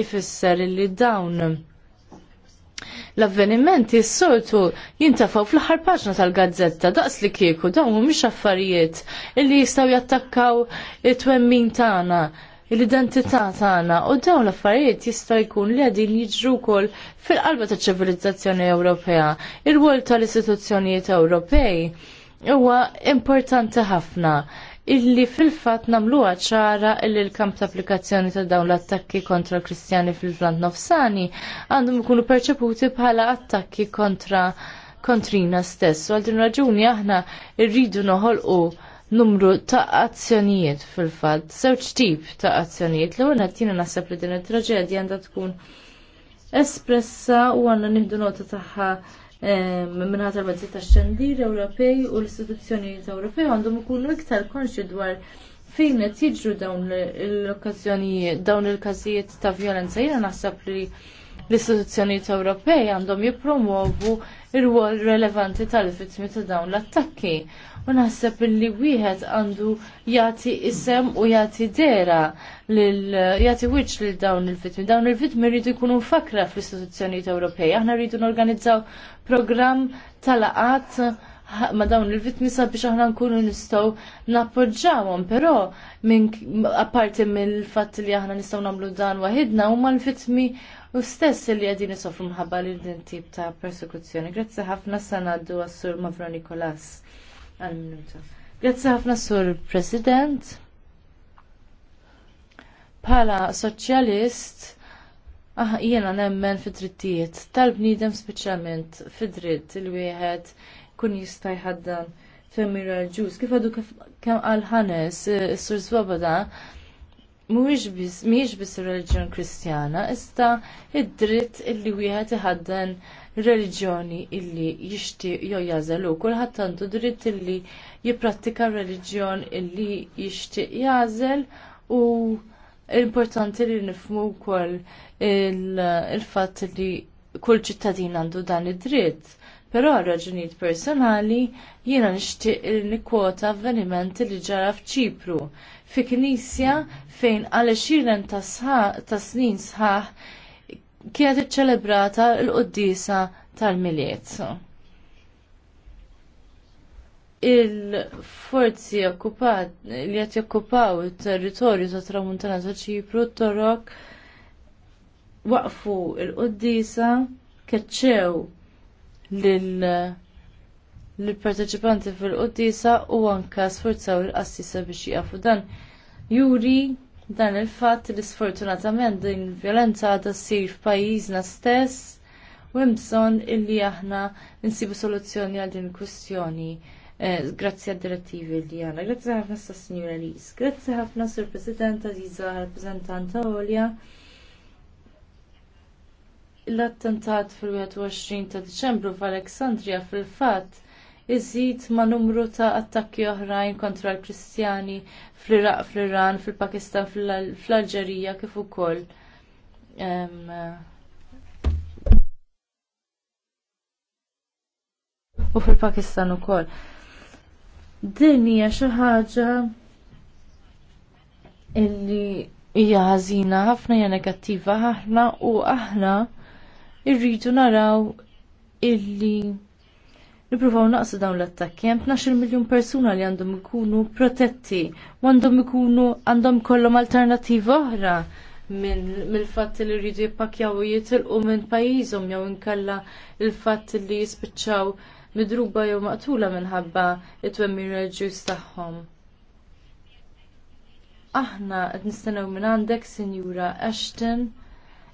ifisser li dawn l-avvenimenti s-soltu jintafaw fl-ħar paġna tal-gazzetta daqs li kieku dawn mhumiex affarijiet illi jistgħu jattakkaw it-twemmin tagħna l-identità tagħna u dawn l-affarijiet jistaw jkun li għadin jiġru wkoll fil-qalba taċ-ċivilizzazzjoni Ewropea. il wol tal-istituzzjonijiet Ewropej huwa importanti ħafna illi fil-fat nagħmluha ċara illi l-kamp ta' applikazzjoni ta' dawn l-attakki kontra l-Kristjani fil-Vlant Nofsani għandhom ikunu perċeputi bħala attakki kontra kontrina stess. U għaldin raġuni aħna rridu noħolqu numru ta' azzjonijiet fil-fat, żewġ tip ta' azzjonijiet. L-ewwel qed naħseb li din it-traġedja għandha tkun espressa u għandna nieħdu nota tagħha Eh, minnħat tal-Bazzi ta' xandir Ewropej u l-istituzzjonijiet Ewropej għandhom ikunu iktar konxi dwar fejn qed jiġru dawn l-okkażjonijiet, dawn il-każijiet ta' violenza, jiena naħseb li l-istituzzjonijiet Ewropej għandhom jippromovu ir-rwol relevanti tal-vittmi ta' dawn l-attakki u naħseb li wieħed għandu jagħti isem u jagħti dera lil jagħti wiċċ lil dawn il-vittmi. Dawn il-vittmi rridu jkunu fakra fl-istituzzjonijiet Ewropej. Aħna rridu norganizzaw programm tal-laqat ma dawn il-vitmi sabiex aħna nkunu nistgħu nappoġġawhom, però minn apparti mill-fatt li aħna nistgħu nagħmlu dan waħidna huma l-vitmi u stess li qegħdin isofru mħabba lil din tip ta' persekuzzjoni. Grazzi ħafna sanaddu għas-sur Mavro Nikolas għal Grazzi ħafna sur President. Pala soċjalist, aħ, ah, jena nemmen fi drittijiet tal-bnidem speċjalment fid-dritt il-wieħed kun jista' ħaddan femmira l-ġus. Kif għadu kem għal-ħanes, s-sur eh, Zwabada, mhuwiex biss ir-reliġjon Kristjana, ista id-dritt il wieħed iħaddan reliġjoni illi jixtieq jew jażel u kulħadd għandu dritt illi jipprattika reliġjon illi jixtieq jażel u importanti li nifhmu wkoll il-fatt il li kull ċittadin għandu dan id-dritt. Però raġunijiet personali jiena nixtieq nikkwota avveniment li ġara f'Ċipru fi knisja fejn għal xiren ta' snin sħaħ kienet iċċelebrata l-qoddisa tal milied Il-forzi li qed jokkupaw it-territorju tat tramuntana ta' Ċipru torok waqfu il-qoddisa keċċew lill-parteċipanti fil-qoddisa u anke sforzaw il-qassisa biex jafu dan. Juri dan il-fatt li sfortunatament din violenza għadha ssir f'pajjiżna stess u hemm bżonn illi aħna nsibu soluzzjoni għal din il-kwistjoni. Eh, grazzi għad-direttivi li għana. Grazzi ħafna sa' signora Lis. Grazzi ħafna sur President Aziza, rappresentanta Olja. L-attentat fil-21 ta' Deċembru f'Alexandria fil-fat iżid ma' numru ta' attakki oħrajn kontra l-Kristjani fl-Iraq, fl-Iran, fil-Pakistan, fl-Alġerija kif ukoll. U fil-Pakistan ukoll. Din hija xi ħaġa illi hija ħażina ħafna hija negattiva ħafna u aħna irridu naraw illi nipruvaw naqsu dawn l-attakki, jem 12 miljon persuna li għandhom ikunu protetti, għandhom ikunu għandhom kollom alternativa oħra minn mill-fatt li rridu jipakjaw u jitilqu minn pajjiżhom jew inkalla il-fatt li jispiċċaw midruba jew maqtula minħabba it-twemmir reliġjuż tagħhom aħna qed nistennew minn għandek Sinjura Ashton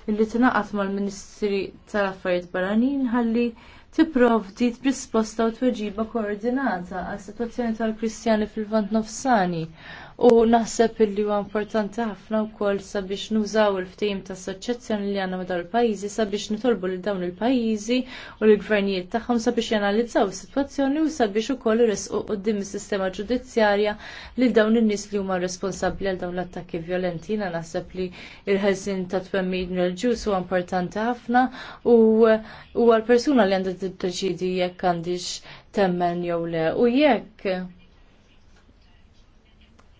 illi tingħaqad mal-Ministri tal-Affarijiet Barranin ħalli tipprovdi risposta u tweġiba koordinata għas-sitwazzjoni tal-Kristjani fil-Vant Nofsani U naħseb illi huwa importanti ħafna wkoll sabiex nużaw il-ftim ta' soċjazzjoni li għandna madwar il-pajjiżi sabiex nitolbu lil dawn il-pajjiżi u l-gvernijiet tagħhom sabiex janalizzaw is-sitwazzjoni u sabiex ukoll iresqu quddiem is-sistema ġudizzjarja lil dawn in-nies li huma responsabbli għal dawn l-attakki vjolenti. Jiena naħseb li il-ħelsin ta' twemmid reliġjuż huwa importanti ħafna u huwa l-persuna li għandha tiddeċidi jekk għandix temmen jew le u jekk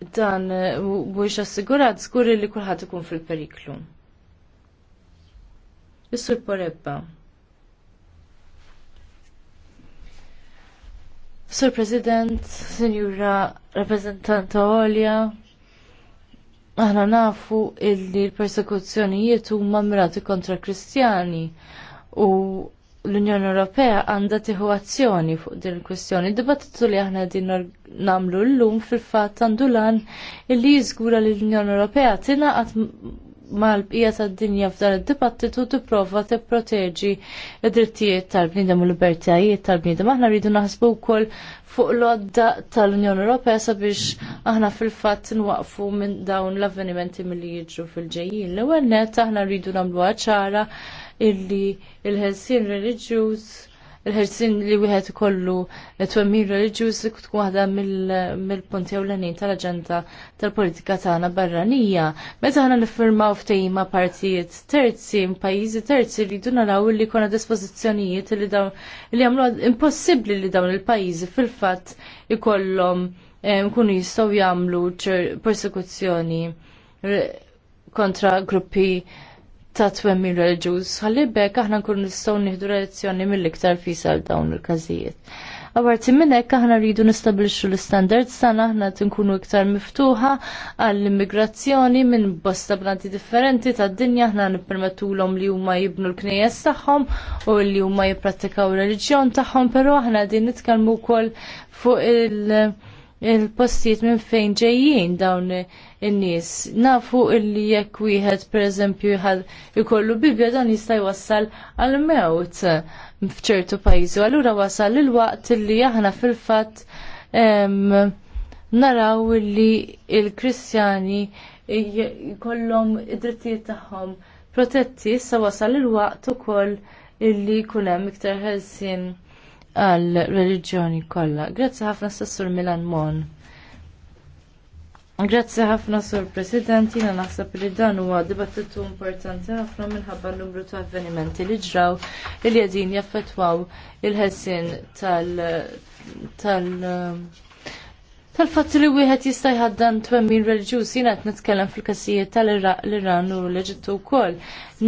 dan eh, mhuwiex assigurat żgur li kulħadd ikun fil-periklu. Is-sur Porebba. Sur President, Sinjura Rappresentanta Olja, aħna nafu illi l-persekuzzjonijiet huma mirati kontra Kristjani u l-Unjoni Ewropea għandha tieħu azzjoni fuq din il kwestjoni Dibattitu li aħna din nagħmlu llum fil-fatt għandu lan illi jiżgura li l-Unjoni Ewropea tingħaqad mal-bqija tad-dinja f'dan id-dibattitu tipprova tipproteġi d-drittijiet tal-bniedem u l-libertajiet tal-bniedem. Aħna rridu naħsbu wkoll fuq l-odda tal-Unjoni Ewropea sabiex aħna fil-fatt nwaqfu minn dawn l-avvenimenti milli jiġru fil-ġejjin. L-ewwel net aħna rridu nagħmluha ċara illi il-ħelsin reliġjuż il ħelsin li wieħed ikollu twemmin reliġjuż tkun waħda mill-punti ewlenin tal-aġenda tal-politika tagħna barranija. Meta aħna niffirmaw ftehima partijiet terzi, pajjiżi terzi li jdu naraw li jkollna dispożizzjonijiet li dawn li jagħmlu impossibbli li dawn il-pajjiżi fil-fatt ikollhom eh, nkunu jistgħu jagħmlu persekuzzjoni kontra gruppi ta' twemmi reliġjuż ħalli bekk aħna nkunu nistgħu nihdu lezzjoni mill-iktar fisal dawn il-każijiet. Għabarti minnek aħna rridu nistabilixu l-standards ta' aħna tinkunu iktar miftuħa għall-immigrazzjoni minn bosta blanti differenti tad dinja aħna nippermettulhom li huma jibnu l-knejjes tagħhom u li huma jipprattikaw ir-reliġjon tagħhom, però aħna din nitkellmu wkoll fuq il- il-postijiet minn fejn ġejjin dawn in-nies. Nafu illi jekk wieħed pereżempju jħal ikollu bibja dan jista' jwassal għal mewt f'ċertu pajjiżi. Allura wasal il-waqt illi aħna fil-fatt naraw illi il-Kristjani jkollhom id-drittijiet tagħhom protetti issa wasal il-waqt ukoll illi jkun hemm iktar ħelsien għal reliġjoni kollha. Grazzi ħafna s-sur Milan Mon. Grazzi ħafna Sur President, jiena naħseb li dan huwa dibattitu importanti ħafna minħabba n-numru ta' avvenimenti li ġraw li qegħdin jaffettwaw il-ħessien tal tal tal fat li wieħed jista' jħaddan twemmin reliġjuż jiena qed nitkellem fil-każijiet tal-Iran u l-Eġittu wkoll.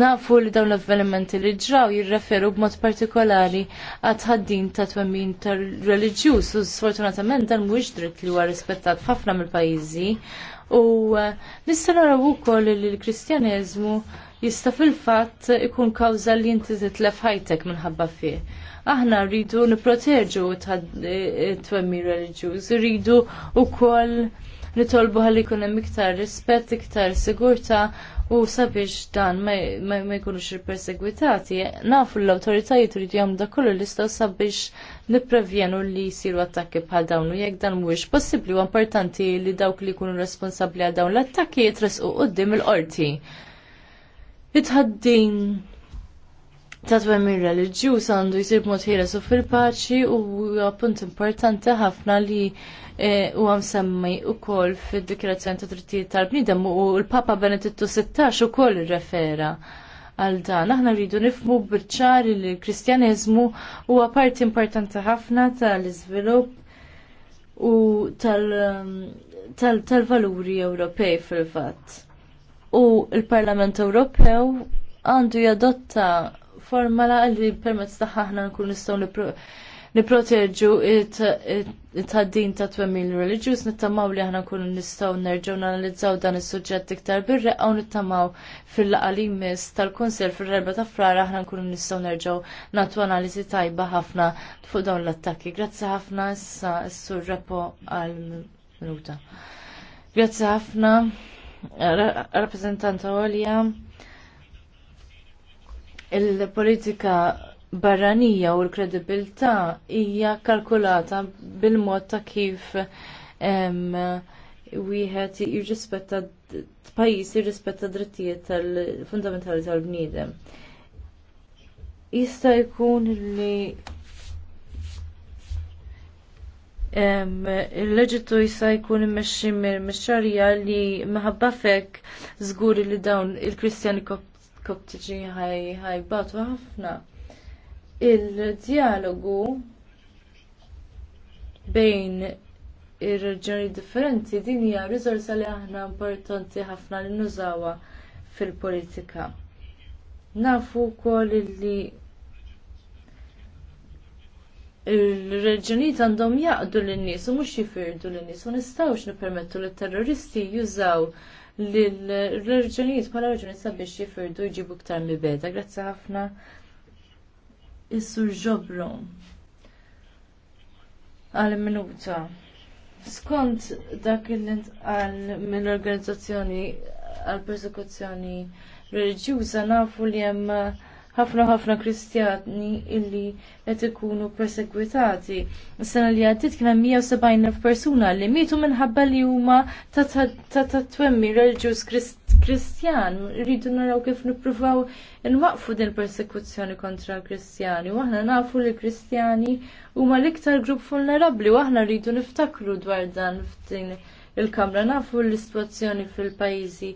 Nafu li dawn l-avvenimenti li ġraw jirreferu b'mod partikolari għat ħaddin ta' twemmin tal-reliġjuż u sfortunatament dan mhuwiex dritt li huwa rispettat ħafna mill-pajjiżi u eh, nista' naraw ukoll li l-Kristjaneżmu jista' fil-fatt ikun kawża li inti titlef ħajtek minħabba fih aħna rridu niproteġu t-twemmi e, e, reliġjuż, rridu wkoll nitolbu ħalli jkun hemm iktar rispett, iktar sigurtà u sabiex dan ma jkunux ir-persegwitati. Nafu l-awtoritajiet rridu jgħam da' kollu l-istaw sabiex niprevjenu li jsiru attakki bħal dawn u jekk dan mhuwiex possibbli u importanti li dawk li jkunu responsabbli għal dawn l-attakki jitresqu quddiem il-qorti. Itħaddin ta' twemmin reliġjuż għandu jsir b'mod ħieles fil-paċi u appunt importanti ħafna li e, u għam semmi u kol fil-dikrazzjoni ta' drittijiet tal-bnidem u l-Papa Benedittu 16 u kol referra għal dan. Aħna rridu nifmu b'ċari li l u huwa parti importanti ħafna tal-iżvilupp u tal-valuri Ewropej fil-fatt. U l-Parlament Ewropew għandu jadotta formala li permezz tagħha aħna nkunu nistgħu niproteġu it taddin ta' twemmil religjus, nittamaw li aħna nkunu nistgħu nerġgħu nanalizzaw dan is sujġet iktar birreqqa għaw nittamaw fil-qalimis tal-Kunsel fir rebba ta' frar aħna nkunu nistgħu nerġgħu natu analizi tajba ħafna fuq dawn l-attakki. Grazzi ħafna issa s-sur repo għal minuta. Grazzi ħafna rappresentant Olja il-politika barranija u l-kredibilità hija kalkulata bil-mod ta' kif wieħed jirrispetta pajjiż jirrispetta drittijiet tal-fundamentali tal-bniedem. Jista' jkun li il-leġitu jista' jkun immexxi mill-mexxarja li meħabba fek żgur li dawn il-Kristjani koptiġi batu ħafna. Il-dialogu bejn ir-reġjoni differenti din hija riżorsa li aħna importanti ħafna li nużawha fil-politika. Nafu wkoll li il-reġjonijiet għandhom jaqdu lin nies u mhux jifirdu lin nies u nistgħux nippermettu li terroristi jużaw l-reġunijiet bħala reġunijiet sabiex jifirdu jġibu ktar mi beda. Grazzi ħafna is-sur ġobru għal-minuta. Skont dak li ntqal minn organizzazzjoni għal persekuzzjoni reliġjuża nafu li hemm ħafna ħafna kristjani illi qed ikunu persegwitati. Is-sena li għaddit kien hemm 170 persuna li mietu minħabba li huma ta' tatwemmi reliġjuż kristjan. Rridu naraw kif nippruvaw inwaqfu din persekuzzjoni kontra l-Kristjani. Waħna nafu li kristjani huma l-iktar grupp vulnerabbli u aħna rridu niftakru dwar dan f'din il-Kamra nafu l-istwazzjoni fil-pajjiżi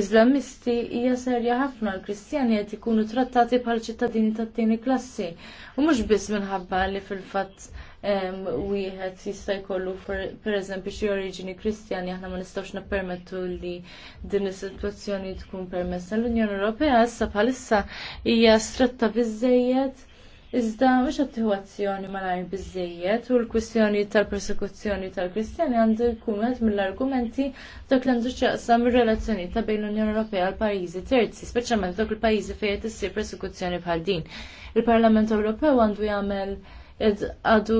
Iżlamisti hija serja ħafna l-Kristjani qed ikunu trattati bħal ċittadini tat-tieni klassi. U mhux biss minħabba li fil-fatt wieħed jista' jkollu pereżempju xi oriġini Kristjani aħna ma nistgħux nippermettu li din is-sitwazzjoni tkun permessa. L-Unjoni Ewropea issa bħalissa hija stretta biżejjed Iżda mhux qed tieħu azzjoni malajr biżejjed u l-kwistjoni tal-persekuzzjoni tal-Kristjani għandu jkun mill-argumenti dak li għandu x'jaqsam ir-relazzjoni ta' bejn l-Unjoni Ewropea għal pajjiżi terzi, speċjalment dak il-pajjiżi fejn qed issir persekuzzjoni bħal din. Il-Parlament Ewropew għandu jagħmel għadu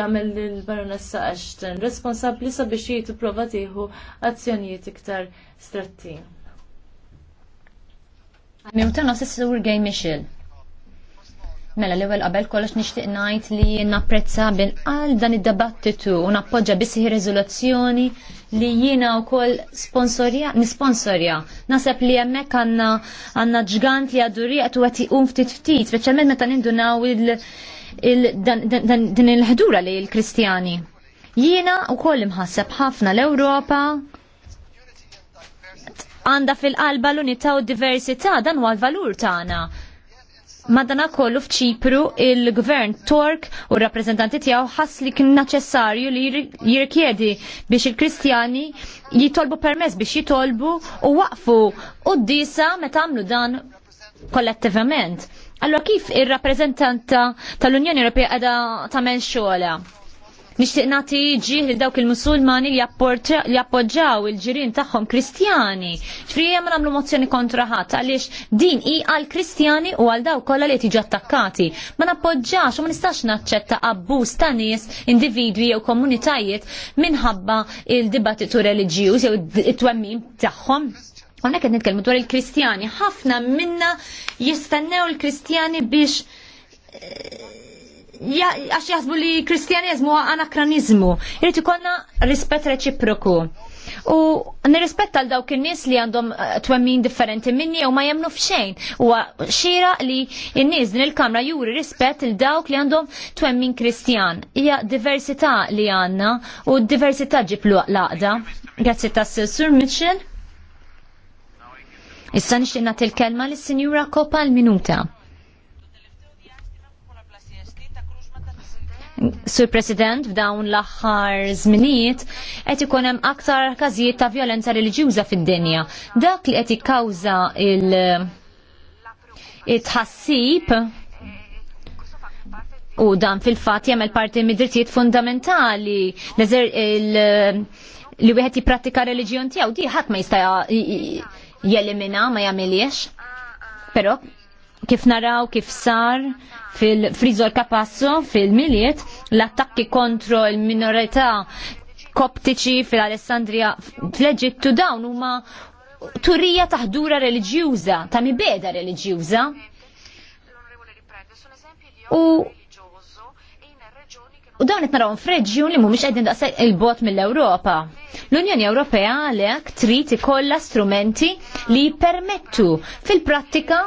jagħmel lill-Baronessa Ashton responsabbli sabiex jitu tieħu azzjonijiet iktar stretti.
s-sur Gay Michel. Mela li għal qabel kollox nixtieq ngħid li napprezza bin għal dan id dabattitu u nappoġġa bissi riżoluzzjoni li jiena wkoll sponsorja nisponsorja. Nasab li hemmhekk għandna għandna ġgant li għadu għatu u qed ftit ftit, speċjalment meta nindunaw din il-ħdura li l-Kristjani. Jiena wkoll imħasab ħafna l-Ewropa għandha fil-qalba l-unità u d diversità dan huwa l-valur tagħna Madana kollu fċipru il-gvern Tork u r-rappresentanti tiegħu ħass li kien neċessarju li jirkjedi biex il-Kristjani jitolbu permess biex jitolbu u waqfu u d-disa meta dan kollettivament. Allora kif ir rappreżentanta tal-Unjoni Europea qiegħda tagħmel xogħla? Nixtieq nagħti ġieħ li dawk il-Musulmani li jappoġġaw il-ġirien tagħhom Kristjani. Ġifieri ma nagħmlu mozzjoni kontra ħadd għaliex din i għal Kristjani u għal dawk kollha li tiġu attakkati. Ma nappoġġax u ma nistax naċċetta abbuż ta' nies, individwi jew komunitajiet minħabba il-dibattitu reliġjuż jew it-twemmim tagħhom. Għonek għed nitkelmu dwar il-Kristjani, ħafna minna jistennew il-Kristjani biex eh, għax jasbu li kristjanizmu anakranizmu. Irrit ikonna rispet reċiproku. U nirrispetta għal dawk in-nies li għandhom eh, twemmin differenti minni u ma jemnu f'xejn. U xira li n-nies din il-kamra juri rispett il dawk li għandhom twemmin kristjan. Hija diversità li għandna u diversità ġiblu laqda. Grazzi tas Sur Mitchell. Issa nixtieq nagħti l-kelma lis-Sinjura Kopa l-Minuta. Sur President, f'dawn l-aħħar żminijiet qed ikun hemm aktar każijiet ta' violenza reliġjuża fid-dinja. Dak li qed ikkawża il tħassib u dan fil-fatt jagħmel parti mid-drittijiet fundamentali li wieħed jipprattika reliġjon tiegħu di ħadd ma jista' jelimina ma jagħmilx. Però kif naraw kif sar fil-frizor kapasso fil-miliet l-attakki kontro il-minorità koptiċi fil-Alessandria fl-Eġittu dawn huma turija taħdura reliġjuża, ta' mibeda reliġjuża. U U dawn qed narawhom f'reġjun li mhumiex qegħdin daqs il-bot mill-Ewropa. L-Unjoni Ewropea għalhekk trid ikollha strumenti li jippermettu fil-prattika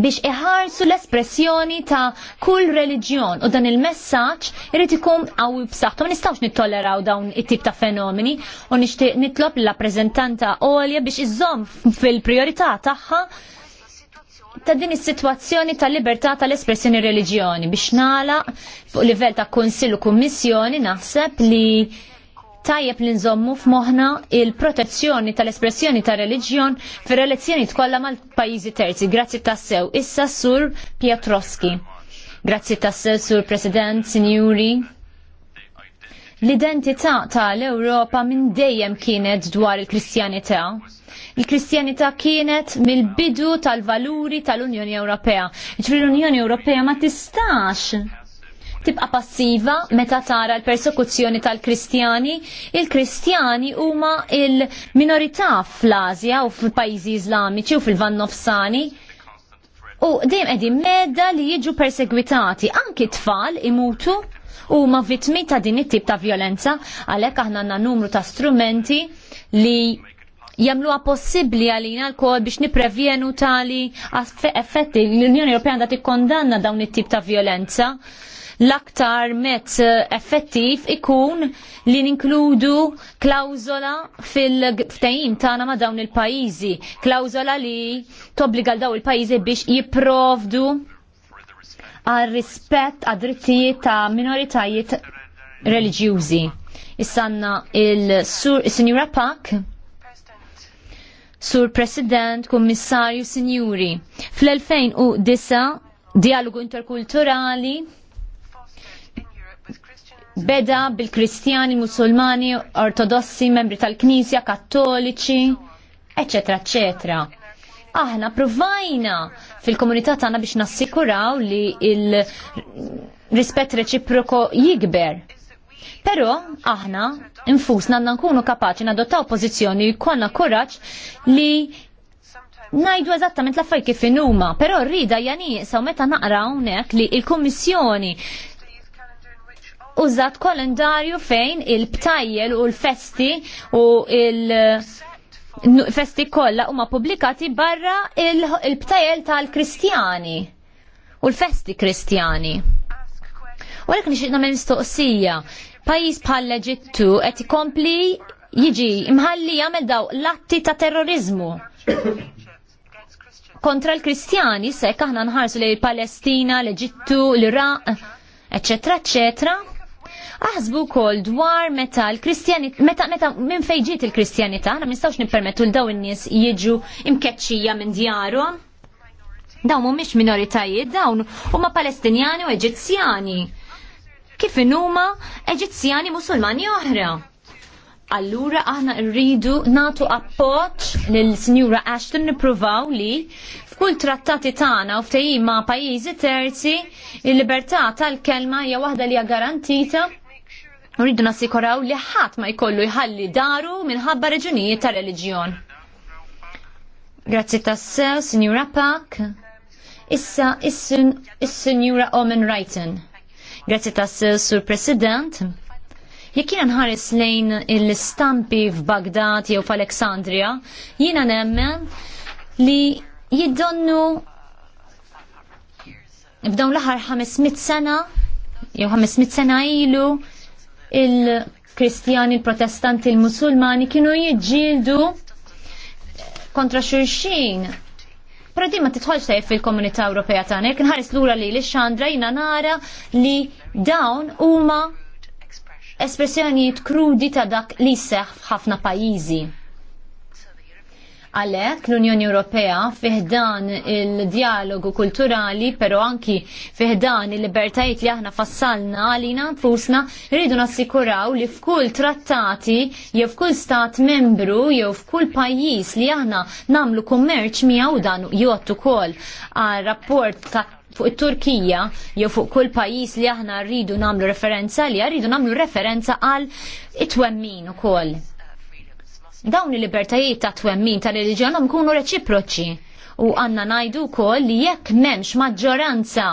biex iħarsu l-espressjoni ta' kull reliġjon u dan il-messaġġ irid ikun qawwi b'saħħtu ma nistgħux nittolleraw dawn it-tip ta' fenomeni u nixtieq nitlob la preżentanta Olja biex iżomm fil-prijorità tagħha ta' din is-sitwazzjoni ta' libertà tal-espressjoni reliġjoni biex nagħlaq fuq livell ta' kunsill u kummissjoni naħseb li tajjeb li nżommu f'moħħna il-protezzjoni tal-espressjoni ta' reliġjon fir-relazzjoni tkollha mal-pajjiżi terzi. Grazzi tassew. Issa sur Pietroski. Grazzi tassew sur President, Sinjuri. L-identità tal-Ewropa minn dejjem kienet dwar il-Kristjanità. Il-Kristjanità kienet mill-bidu tal-valuri tal-Unjoni Ewropea. Ġifieri l-Unjoni Ewropea ma tistax tibqa' passiva meta tara l-persekuzzjoni tal-Kristjani. Il-Kristjani huma il-minorità fl-Asja u fil-pajjiżi Iżlamiċi u fil-Vannofsani. U dejjem qegħdin medda li jiġu persegwitati, anki tfal imutu u ma vitmi ta' din it-tip ta' violenza, għalhekk aħna għandna numru ta' strumenti li jamluha possibbli għalina l-kol biex niprevjenu tali effetti l-Unjoni Ewropea għandha tikkondanna dawn it-tip ta' violenza l-aktar mezz eh, effettiv ikun li ninkludu klawzola fil-ftajim tagħna ma' dawn il-pajjiżi, klawzola li tobbliga l daw il-pajjiżi biex jipprovdu għal rispett għad drittijiet ta' minoritajiet reliġjużi. Issanna il-Sinjura Pak, Sur President, Kummissarju, Sinjuri. Fl-2009 dialogu interkulturali beda bil-Kristjani, Musulmani, Ortodossi, membri tal-Knisja, Kattoliċi, eccetera, eccetera. Aħna provajna fil-komunità tagħna biex nassikuraw li il-rispett reċiproko jikber. Però aħna infusna għandna nkunu kapaċi nadottaw pożizzjoni jkollna kuraġġ li Najdu eżattament l affarijiet kif huma, però rrida jani saw meta naqra hawnhekk li il-Kummissjoni użat kalendarju fejn il-btajjel u l-festi u il- festi kollha huma pubblikati barra il-btajjel tal-Kristjani u l-festi Kristjani. U għalek nixtieq nagħmel mistoqsija. Pajjiż pal Eġittu qed kompli jiġi imħalli jamel daw l-atti ta' terrorizmu kontra l-Kristjani se aħna nħarsu li l-Palestina, l-Eġittu, l-Iraq, eccetera, eccetera. Aħsbu kol dwar meta l kristjanit meta, meta minn fejġiet il-Kristjanità, aħna nistgħux nippermettu l daw in-nies jiġu imkeċċija minn djarhom. Dawn mhumiex minoritajiet, dawn huma Palestinjani u Eġizzjani. Kif huma Eġizzjani Musulmani oħra. Allura aħna rridu natu appoġġ lil Sinjura Ashton nippruvaw li f'kull trattati tagħna u ftehim ma' pajjiżi terzi il-libertà tal-kelma hija waħda li hija garantita Rridu nasikoraw li ħadd ma jkollu jħalli daru minħabba reġunijiet ta' reliġjon. Grazzi sew, Sinjura Pak. Issa, is signora Omen Wrighton. Grazzi sew, Sur President. Jek jiena nħares lejn il istampi f'Bagdad jew f'Aleksandria, jiena nemmen li jiddonnu f'dawn l-aħħar 500 sena jew 500 sena ilu il-Kristjani, il-Protestanti, il-Musulmani kienu jiġġieldu kontra xulxin. Pero din ma titħolx tajf fil-komunità Ewropea tagħna, jekk nħares lura li l-Xandra jina nara li dawn huma espressjonijiet krudi ta' dak li seħ f'ħafna pajjiżi. Għalhekk l-Unjoni Ewropea fiħdan il-dialogu kulturali, però anki fiħdan il-libertajiet li aħna fassalna għalina nfusna rridu nassikuraw li f'kull trattati jew f'kull stat membru jew f'kull pajjiż li aħna namlu kummerċ miegħu dan jgħottu ukoll għal rapport ta' fuq it-Turkija jew fuq kull pajjiż li aħna rridu nagħmlu referenza li rridu nagħmlu referenza għal it-twemmin ukoll. Dawn il-libertajiet ta' twemmin ta' reliġjonhom kunu reċiproċi u għanna najdu kol li jekk memx maġġoranza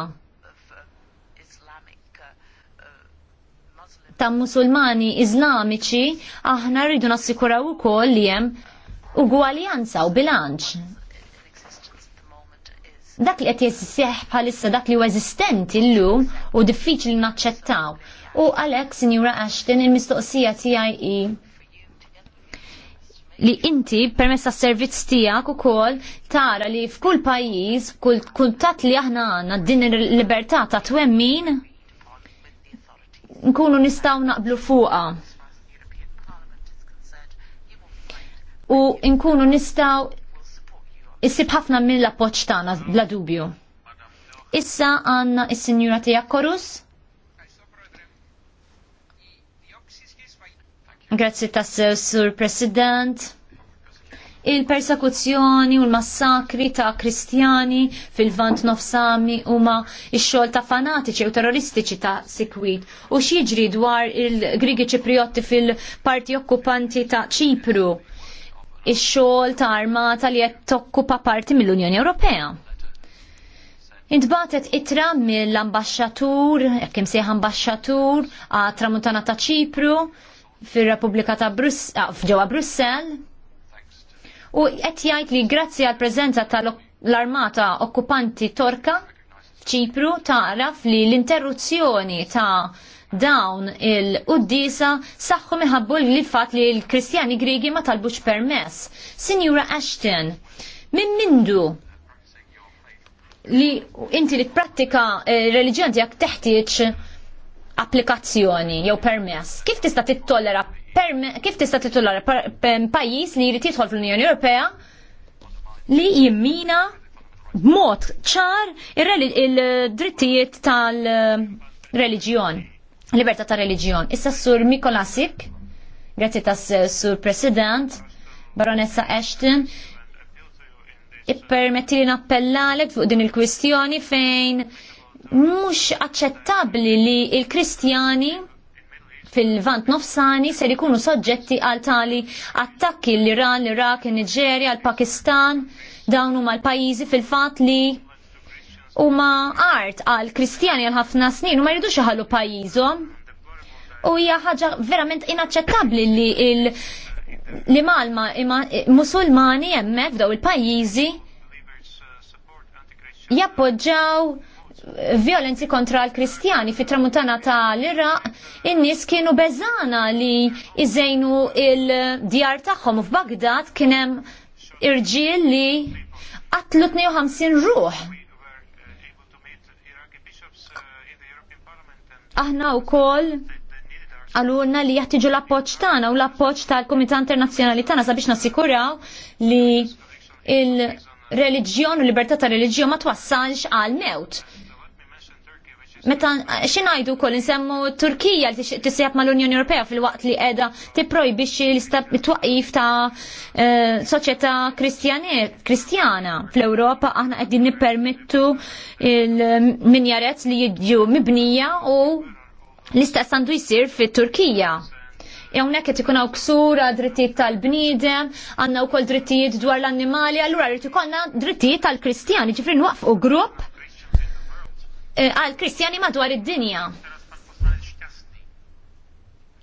ta' musulmani iżlamiċi aħna rridu nassikuraw ukoll li hemm ugwaljanza u bilanċ dak li qed jisseħ bħalissa dak li huwa eżistenti llum u diffiċli naċċettaw. U għalhekk, Sinjura Ashton, il-mistoqsija tiegħi li inti permess tas servizz tiegħek ukoll tara li f'kull pajjiż, kull kuntat li aħna għandna din il-libertà ta' twemmin nkunu nistgħu naqblu fuqha. U nkunu nistgħu issib ħafna mill-appoġġ tagħna bla dubju. Issa għandna is-sinjura tiegħek Korus? Grazzi tassew, Sur President. Il-persekuzzjoni u l-massakri ta' kristjani fil-vant nofsami huma ix xogħol ta' fanatiċi u terroristiċi ta' sikwit. U x'jiġri dwar il-Grigi Ċipriotti fil-parti okkupanti ta' Ċipru? Ix-xogħol ta' armata li qed tokkupa parti mill-Unjoni Ewropea. Intbatet itra mill-ambasċatur, jekk imsejħ ambasċatur, għat tramuntana ta' Ċipru, fir-Repubblika ta' Bruss ah, ġewwa Brussell u qed jgħid li grazzi għal preżenza tal-armata okkupanti Torka f'Ċipru taraf li l-interruzzjoni ta' dawn il-Uddisa saħħu minħabba li fatt li l-Kristjani gregi ma talbux permess. Sinjura Ashton, minn mindu li inti li prattika eh, reliġjon tiegħek teħtieġ applikazzjoni jew permess. Kif tista' tittollera kif tista' tittollera pajjiż li jrid jidħol fl-Unjoni Ewropea li jimmina b'mod ċar il-drittijiet tal-reliġjon, libertà ta' reliġjon. Issa sur Mikolasik, grazzi tas sur President, Baronessa Ashton, ippermetti li nappellalek fuq din il-kwistjoni fejn mhux aċċettabbli li l-Kristjani fil-vant nofsani ser ikunu soġġetti għal tali attakki l-Iran, l-Irak, il-Nigeria, l-Pakistan, dawn huma l-pajjiżi fil-fatt li huma art għal kristjani għal ħafna snin u ma jridux iħallu pajjiżhom. U hija ħaġa verament inaċċettabbli li il li malma musulmani hemmhekk f'daw il-pajjiżi jappoġġaw violenzi kontra l-kristjani fit tramuntana ta' l-Iraq, in-nies kienu beżana li iżejnu il-djar tagħhom u f'Bagdad kien hemm irġiel li qatlu 52 ruħ. Aħna wkoll għalulna li jattiġu l-appoċ tagħna u l-appoċ tal-Kumità Internazzjonali tagħna sabiex nassikuraw li il-reliġjon u libertà ta' reliġjon ma twassalx għal mewt. Meta xinajdu kol nsemmu Turkija li tisjab mal unjoni Ewropea fil-waqt li edha tipprojbixxi l-twaqif ta' eh, soċjetà kristjana fl-Ewropa aħna qegħdin nippermettu il minjaret li jidju mibnija u l-istess għandu jsir fit-Turkija. Hawnhekk qed ikun hawn ksura drittijiet tal-bniedem, għandna wkoll drittijiet dwar l-annimali, allura rrid ikollna drittijiet tal-Kristjani, ġifri nwaqfu grupp Eh, għal kristjani madwar id-dinja.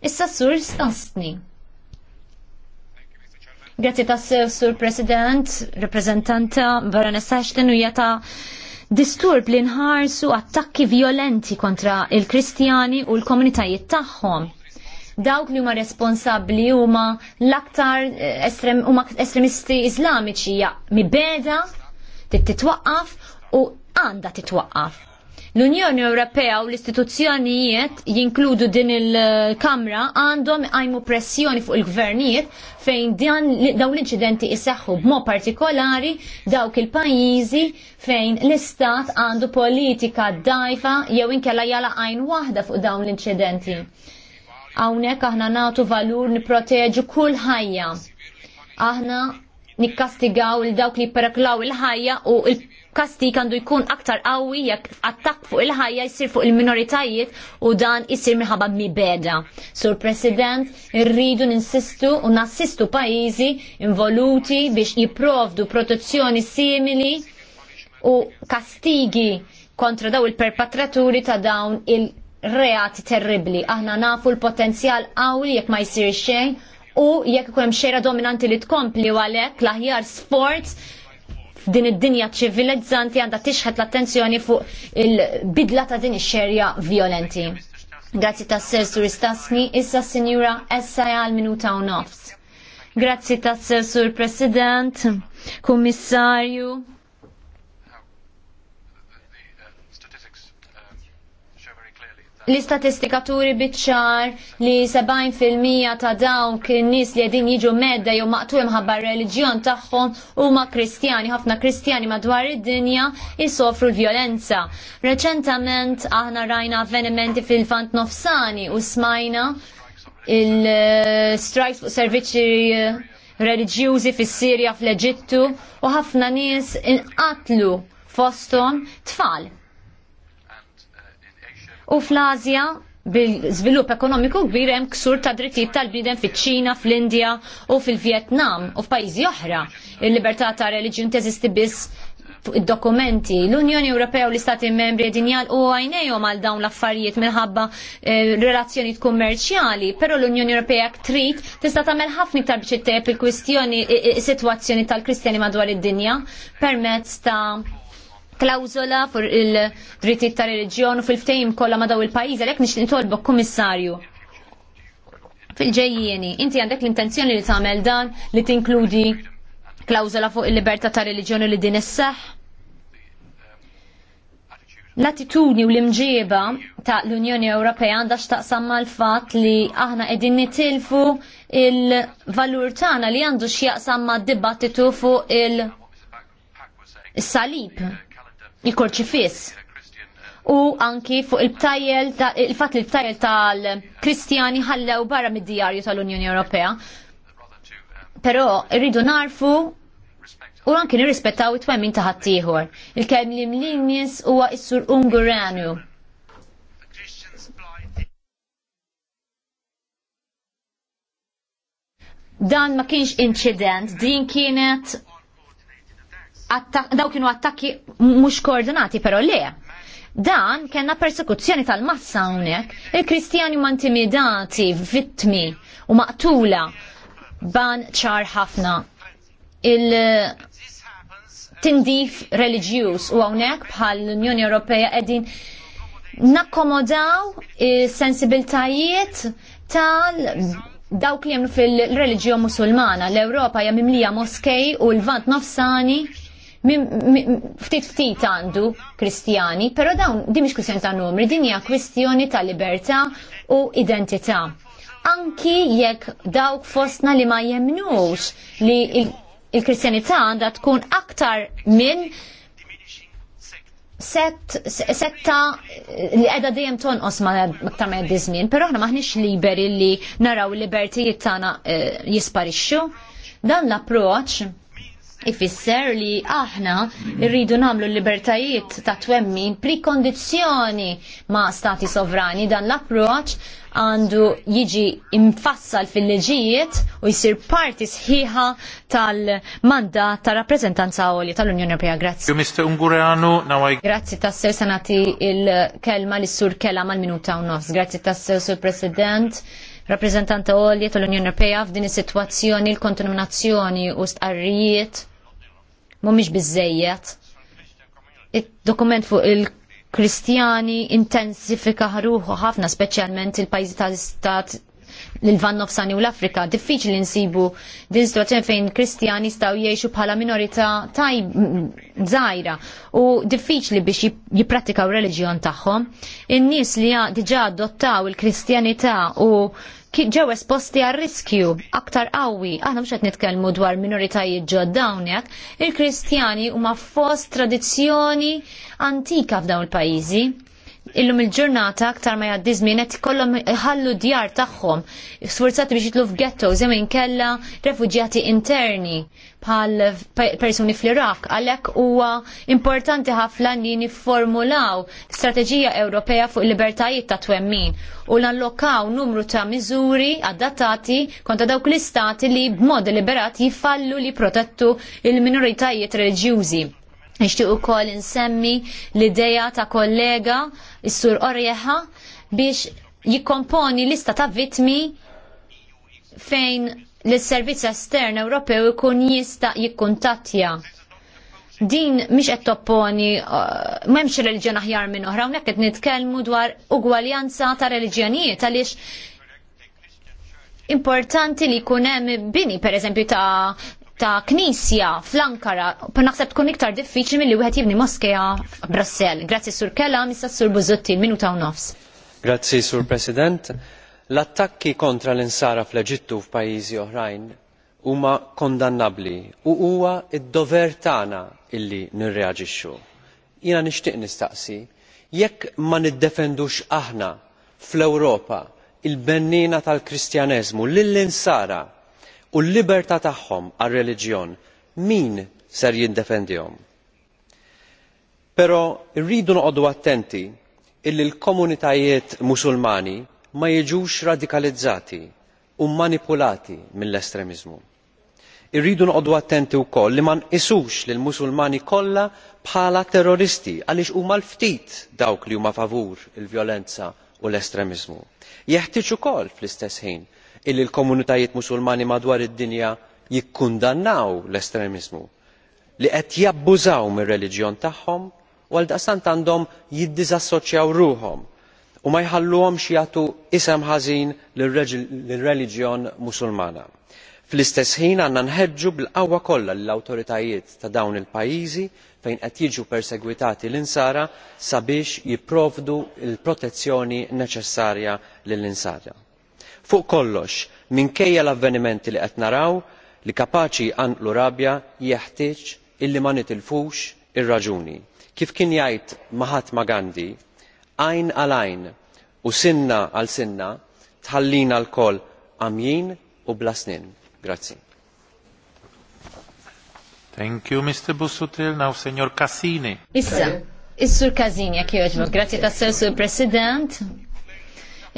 Issa sur stastni. Grazie tassew sur President, rappresentanta Baronessa Ashton u jata disturb li nħarsu attakki violenti kontra il-Kristjani u l-komunitajiet tagħhom. Dawk li huma responsabbli huma l-aktar eh, estrem, estremisti islamiċi ja mibeda, titwaqqaf u għanda titwaqqaf L-Unjoni Ewropea u l-istituzzjonijiet jinkludu din il-Kamra għandhom għajmu pressjoni fuq il-gvernijiet fejn dan daw l-inċidenti jisaxħu b'mod partikolari dawk il-pajjiżi fejn l-istat għandu politika dajfa jew inkella jala għajn waħda fuq dawn l-inċidenti. Hawnhekk aħna nagħtu valur nipproteġu kull ħajja. Aħna nikkastigaw il dawk li peraklaw il-ħajja u il-kastik għandu jkun aktar qawwi jekk attakk fuq il-ħajja jsir fuq il-minoritajiet u dan isir minħabba mibeda. Sur President, irridu ninsistu u nassistu pajjiżi involuti biex jipprovdu protezzjoni simili u kastigi kontra daw il-perpatraturi ta' dawn il- reati terribli. Aħna nafu l-potenzjal qawwi jekk ma jsir xejn u jekk ikun hemm xejra dominanti li tkompli għalhekk l-aħjar sports f'din id-dinja ċivilizzanti għandha tixħet l-attenzjoni fuq il-bidla ta' din ix-xerja violenti. Grazzi ta' Sir Suristasni, issa Sinjura Essa għal minuta u nofs. Grazzi ta' Sir Sur President, Kummissarju, l istatistikaturi turi bitċar li 70% ta' dawk kien nies li qegħdin jiġu medda jew maqtu r reliġjon tagħhom huma Kristjani, ħafna Kristjani madwar id-dinja jsofru l-vjolenza. Reċentament aħna rajna avvenimenti fil-fant nofsani u smajna il-strikes fuq servizzi reliġjużi fis-Sirja fl-Eġittu u ħafna nies inqatlu fosthom tfal U fl-Azja, bil-żvilupp ekonomiku kbir hemm ksur ta' drittijiet tal-bniedem fiċ-Ċina, fl-Indja u fil-Vjetnam u f'pajjiżi oħra. Il-libertà ta' reliġjun teżisti biss fuq id-dokumenti. L-Unjoni Ewropea u l-Istati Membri din u għajnejhom għal dawn l-affarijiet minħabba eh, relazzjonijiet kummerċjali, però l-Unjoni Ewropea trid tista' tagħmel ħafna iktar biex il-kwistjoni sitwazzjoni tal-Kristjani madwar id-dinja permezz ta' klawzola fur il-drittijiet ta' reliġjon u fil-ftejim kollha ma' daw il-pajjiż għalhekk nix nitolbok kummissarju. Fil-ġejjieni, inti għandek l-intenzjoni li tagħmel dan li tinkludi klawzola fuq il-libertà ta' reliġjoni li din isseħħ? L-attitudni u l-imġieba ta' l-Unjoni Ewropea għandha x'taqsam mal-fatt li aħna qegħdin nitilfu il-valur tagħna li għandu x'jaqsam mad-dibattitu fuq il-salib. il salib il-korċifis. U anki fuq il-btajjel, il-fat li l-btajjel tal-Kristjani ħallew barra mid-dijarju tal-Unjoni Ewropea. Pero rridu narfu u anki nirrispettaw it-twemmin ta' ħaddieħor. Il-kelm li mlinis huwa s-sur Unguranu. Dan ma kienx incident, din kienet daw kienu attakki mhux koordinati però le. Dan kena persekuzzjoni tal-massa hawnhekk. Il-Kristjani ma intimidati, vittmi u maqtula ban ċar ħafna. Il tindif religjus u hawnhekk bħal l-Unjoni Ewropea qegħdin nakkomodaw is-sensibiltajiet tal dawk li jemnu fil-reliġjon musulmana. L-Ewropa hija mimlija moskej u l-vant nofsani ftit ftit għandu kristjani, pero dawn di mhix kwistjoni ta' numri, din hija kwistjoni ta' libertà u identità. Anki jekk dawk fostna li ma jemnux li il-kristjanità għandha tkun aktar minn set, setta li għedha dejjem tonqos ma aktar ma jaddiżmien, però aħna maħniex liberi li naraw il-libertijiet tagħna eh, jisparixxu. Dan l-approċċ ifisser li aħna rridu namlu l-libertajiet ta' twemmin prikondizzjoni ma' stati sovrani dan l-approċ għandu jiġi imfassal fil-leġijiet u jisir parti sħiħa tal-mandat ta' rappresentanza għolja tal-Unjoni Europea. Grazzi.
Mr. Ungureanu, nawaj.
Grazzi tasser sanati il-kelma li sur kella mal-minuta u nofs. Grazzi tasser sur President rappreżentanta għolja tal-Unjoni Europea f'din is-sitwazzjoni l-kontaminazzjoni u stqarrijiet mhumiex biżejjed. il dokument fuq il-Kristjani intensifika ħruħu ħafna speċjalment il-pajjiżi tal-istat l-Van Nofsani u l-Afrika, diffiċli nsibu din situazzjoni fejn kristjani staw jiexu bħala minorita tajb zaħira u diffiċli biex jipratikaw religjon tagħhom. In-nies li diġa' adottaw il-Kristjanità u ġew esposti għal riskju aktar qawwi. Aħna mhux qed nitkellmu dwar minoritajiet ġodda il-Kristjani huma fost tradizzjoni antika f'dawn il-pajjiżi illum il-ġurnata aktar ma jgħaddi żmien qed ikollhom ħallu djar tagħhom sfurzati biex jitlu f'ghetto żemm inkella refuġjati interni bħal persuni fl-Iraq għalhekk huwa importanti ħafna li niformulaw strateġija Ewropea fuq il-libertajiet ta' twemmin u nallokaw numru ta' miżuri adattati kontra dawk l-istati li b'mod deliberat jifallu li protettu il-minoritajiet reliġjużi Nixtieq ukoll insemmi l-idea ta' kollega is-sur Orjeħa biex jikkomponi lista ta' vitmi fejn l-Servizz Estern Ewropew ikun jista' jikkuntattja din mhix qed topponi uh, m'hemmx reliġjon aħjar minn oħra hawnhekk qed nitkellmu dwar ugwaljanza ta' reliġjonijiet għaliex importanti li jkun hemm bini pereżempju ta' ta' knisja fl-Ankara, naħseb tkun iktar diffiċli milli wieħed jibni moskeja f'Brassell. Grazzi sur Kella, missa sur Buzutti, minu ta' nofs.
Grazzi sur President. L-attakki kontra l-insara fl-Eġittu f'pajjiżi oħrajn huma kondannabbli u huwa id-dover tagħna illi nirreaġixxu. Jiena nixtieq nistaqsi, jekk ma niddefendux aħna fl-Ewropa il-bennina tal-Kristjaneżmu lill-insara u l libertà tagħhom għar reliġjon min ser jiddefendihom? però rridu noqogħdu attenti illi l komunitajiet musulmani ma jiġux radikalizzati u manipulati mill estremiżmu irridu noqogħdu attenti wkoll li ma nqisux lill musulmani kollha bħala terroristi għaliex huma l- ftit dawk li huma favur il vjolenza u l estremiżmu jeħtieġ ukoll fl istess ħin illi l-komunitajiet musulmani madwar id-dinja jikkundannaw l-estremiżmu li qed jabbużaw mir-reliġjon tagħhom u għaldaqstant għandhom jiddiżassoċjaw ruhom u ma jħalluhomx jagħtu isem ħażin lir-reliġjon musulmana. fl-istess ħin għandna nħeġġu bil-qawwa kollha lill-awtoritajiet ta' dawn il-pajjiżi fejn qed jiġu persegwitati l-insara sabiex jipprovdu l protezzjoni neċessarja lill insara fuq kollox minkejja l avvenimenti li qed naraw li kapaċi jqanqlu rabja jeħtieġ illi ma nitilfux ir raġuni kif kien jgħid mahatma gandhi għajn għal għajn u sinna għal sinna tħallina lkoll għamjin u bla snin. Grazzi. Thank you, Mr. Now, Signor Cassini. Issa,
Is-Sur Cassini, jek Grazzi tassew, Sur President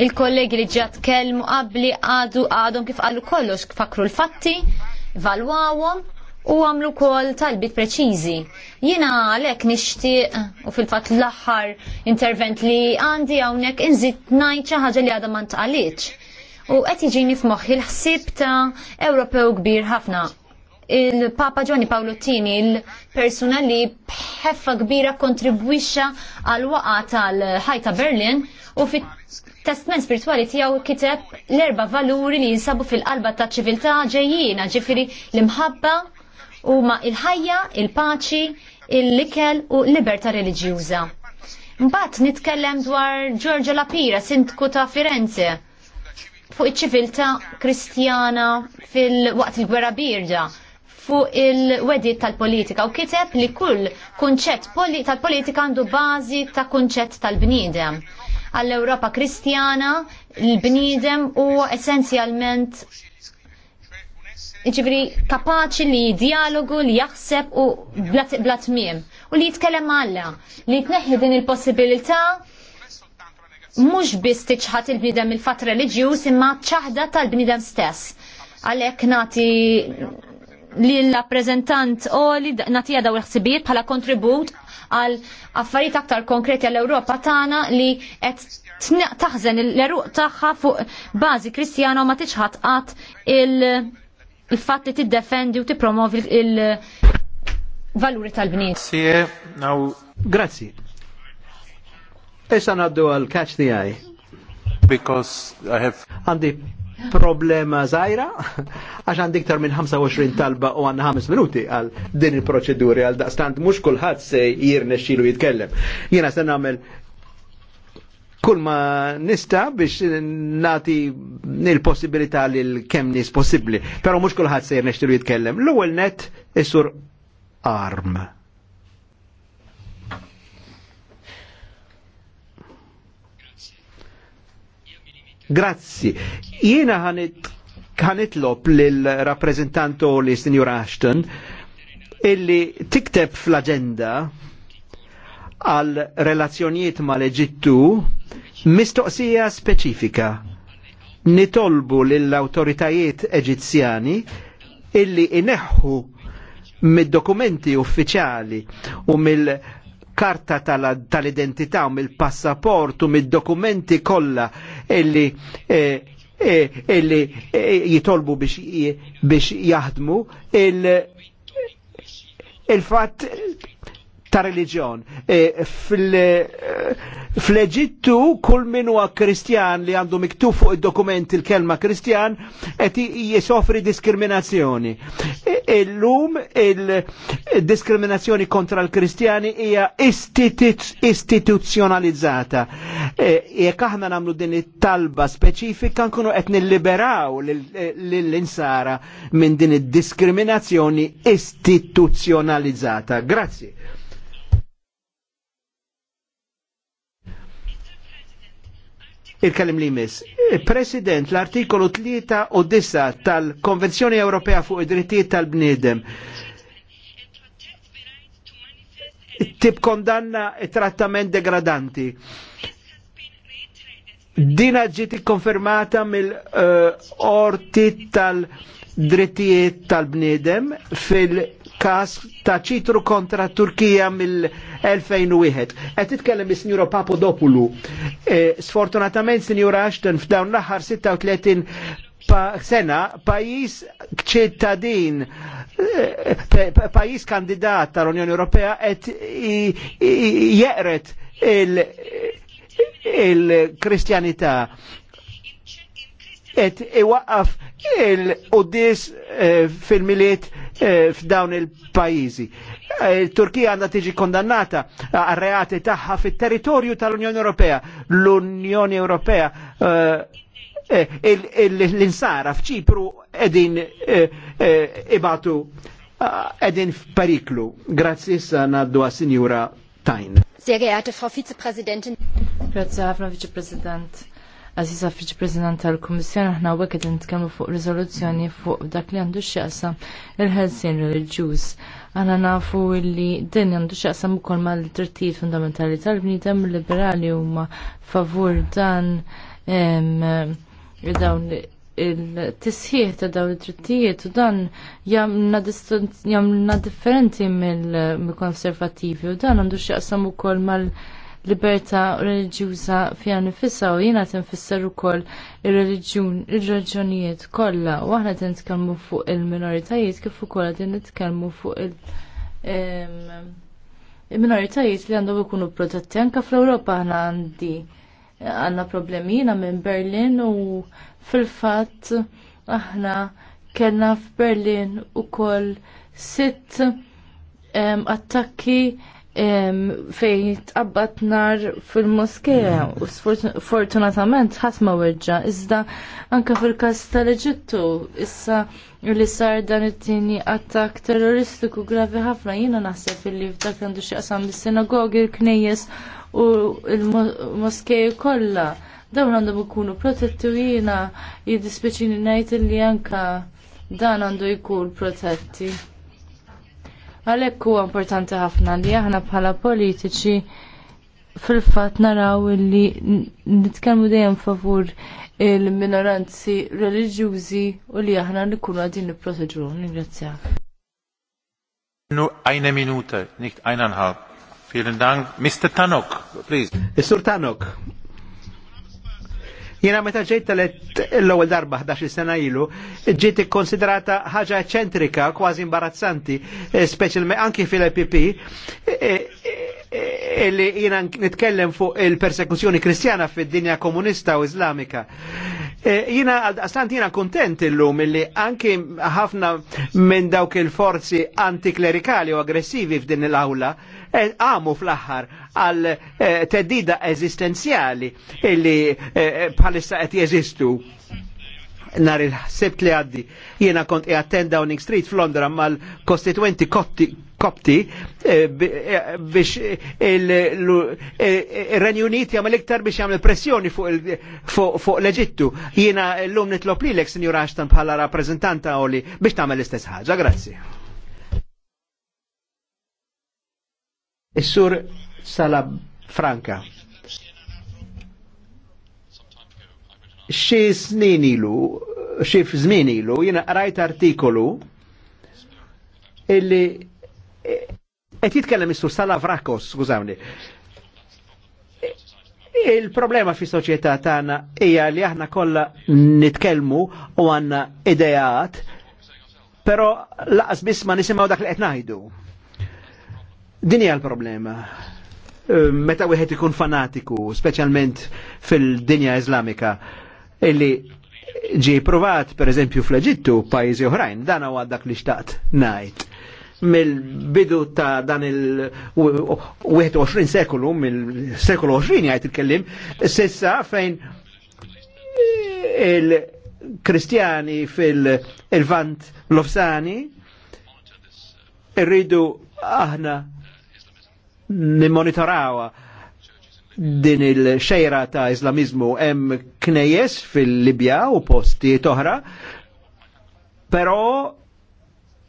il-kollegi li ġat kelmu qabli għadu għadhom kif għallu kollox fakru l-fatti, valwawhom u għamlu kol talbit preċizi. Jina għalek nixtieq u fil-fat l aħħar intervent li għandi għawnek inżit xi ħaġa li għadhom ma ntqaliċ. U qed jiġini f'moħħi l-ħsieb ta' Ewropew kbir ħafna. Il-Papa Giovanni Paolo Tini, il-persuna li bħeffa kbira kontribwixxa għal waqa tal-ħajta Berlin u fit testment spirituali tiegħu kiteb l-erba' valuri li jinsabu fil-qalba ta' ċiviltà ġejjina, ġifiri l-imħabba huma il-ħajja, il-paċi, il-likel u l-libertà reliġjuża. Mbagħad nitkellem dwar Giorgio Lapira, sindku ta' Firenze fuq iċ-ċiviltà kristjana fil-waqt il-gwerra birda fuq il wedi tal-politika u kiteb li kull kunċett tal-politika għandu bażi ta' kunċett tal-bniedem għall-Ewropa Kristjana, l-bniedem u essenzjalment ġifri kapaċi li dialogu li jaħseb u blatmiem u li jitkellem għalla li jitneħi din il-possibilità mux biss tiċħat il-bnidem il-fat reliġjuż imma ċaħda tal-bnidem stess. Għalek nati li l-rappresentant oli nagħtiha daw l ħsibijiet bħala kontribut għal affarijiet aktar konkreti għall europa tagħna li qed taħżen l-eruq tagħha fuq bażi kristjana u ma tiġħat qatt il-fatt li tiddefendi u tippromovi il-valuri tal-bniet.
Grazzi.
Issa naddu għal catch the eye. Because I have... Għandi problema zaħira, għax għandi iktar minn 25 talba u għanna 5 minuti għal din il-proċeduri għal daqstant mux kullħat se jirne xilu jitkellem. Jena se namel kull ma nista biex nati il-possibilità li l-kem nis possibli, pero mux kullħat se jirne xilu jitkellem. L-ewel net, isur arm. Grazzi. Jiena ħanitlob lill-rappreżentantu li Sinjur Ashton illi tikteb fl-agenda għal relazzjonijiet mal-Eġittu mistoqsija speċifika. Nitolbu lill-autoritajiet eġizzjani illi ineħħu mid-dokumenti uffiċjali u mill karta tal-identità u mill-passaport u mid-dokumenti kollha illi e, e, illi e, jitolbu biex, biex jaħdmu il-fatt il ta' religjon. E, e, Fl-Eġittu kull min huwa kristjan li għandu miktub fuq id dokumenti il kelma kristjan qed jisofri diskriminazzjoni. E, illum il-diskriminazzjoni kontra l-kristjani hija istituzzjonalizzata. E, jekk aħna nagħmlu din it-talba speċifika nkunu qed nilliberaw lill-insara minn din id-diskriminazzjoni istituzzjonalizzata. Grazzi. il kallim li mis. President, l-artikolu 3 u 9 tal-Konvenzjoni Ewropea fuq id-drittijiet tal-bniedem Tip kondanna trattament degradanti. Dina ġiet konfermata mill-orti eh, uh, tal-drittijiet tal-bniedem fil- kas ta' ċitru kontra Turkija mill-2001. Qed titkellem is-Sinjura Papadopoulou. E, sfortunatament, Sinjura Ashton, f'dawn l-aħħar 36 pa sena pajis ċittadin e, pajis kandidat tal-Unjoni Ewropea et jeqret il-Kristjanità et iwaqqaf il-qudis e, fil-miliet Eh, f'dawn il-pajizi. Eh, Il-Turkija għandha tiġi kondannata għal reati tagħha fit-territorju tal-Unjoni Ewropea. L-Unjoni Ewropea eh, l-insara f'ċipru edin ibatu edin f'periklu. Grazzi issa naddu għas-Sinjura Tajn.
Sehr geehrte Frau Vizepräsidentin.
Grazie, Frau Vizepräsident. Aziza Fiċ President tal-Kummissjoni aħna għek qed nitkellmu fuq rizoluzzjoni fuq dak li għandu x'jaqsam il ħelsin reliġjuż. Aħna nafu li din għandu x'jaqsam ukoll mal-drittijiet fundamentali tal-bniedem liberali huma favur dan dawn il-tisħiħ ta' dawn it-trittijiet u dan jamna differenti mill-konservativi u dan għandu x'jaqsam ukoll mal- libertà reliġjuża fiha nifisha u jiena tinfisser ukoll ir-reliġjun ir-raġunijiet kollha u aħna qed nitkellmu fuq il-minoritajiet kif ukoll qed nitkellmu fuq il- il-minoritajiet li għandhom ikunu protetti anke fl-Ewropa aħna għandi għandna problemi jiena minn Berlin u fil-fatt aħna kellna f'Berlin ukoll sitt attakki fejn tqabbat nar fil-moskeja u sfortunatament ħasma weġġa iżda anka fil-każ tal-Eġittu issa li sar dan it-tieni attak terroristiku gravi ħafna jiena naħseb illi f'dak għandu xi qasam bis-sinagogi l-knejjes u l-moskeja kollha dawn għandhom ikunu protetti u jiena jiddispiċini ngħid li anka dan għandu jkun protetti. Għalek huwa importanti ħafna li aħna bħala politiċi fil fat naraw li nitkellmu dejjem favur il-minoranzi reliġjużi u li aħna nkunu qegħdin Ningrazzja.
Nu għajna minuta, nikt għajna eineinhalb. Vielen Dank. Mr. Tanok, please. Mr. Tanok.
Jena meta ġejt telet l-ewwel darba 11 sena ilu, ġiet ikkonsidrata ħaġa eċentrika, kważi imbarazzanti, eh, speċjalment anki fil-EPP, illi eh, eh, jena nitkellem fuq il-persekuzzjoni kristjana fid-dinja komunista u islamika. Jina, għastant jina kontent illum illi anki ħafna minn dawk il-forzi antiklerikali u aggressivi f'din l-awla, għamu fl-axħar għal eh, teddida eżistenzjali illi eh, bħalissa qed jeżistu nar il-sebt li għaddi jiena kont attend Downing Street f'Londra mal-kostituenti kopti eh, biex il-Renju Uniti għamil iktar biex jagħmel pressjoni fuq l-Eġittu. Jiena l-lum nitlob lilek, Sinjur Ashton, bħala rappreżentanta oli biex tagħmel l-istess ħaġa. Grazzi. Is-sur Sala Franka. Xi snin ilu, xi żmien ilu, jiena rajt artikolu illi e, qed jitkellem issu Sala Vrakos, skużawni. Il-problema fi soċjetà tagħna hija li aħna kollha nitkellmu u għandna ideat, però laqas biss ma nisimgħu dak li qed ngħidu. Din hija l-problema meta wieħed ikun fanatiku, speċjalment fil-dinja Islamika, illi ġi provat, per eżempju, fl-Eġittu, pajjiżi oħrajn, dan huwa dak li xtaqt ngħid. Mill-bidu ta' dan il-21 sekolu, mill-sekolu 20 jgħid il-kellim, sissa fejn il-Kristjani fil-Vant Lofsani irridu aħna nimmonitoraw din il-xejra ta' islamizmu hemm knejes fil-Libja u posti toħra, però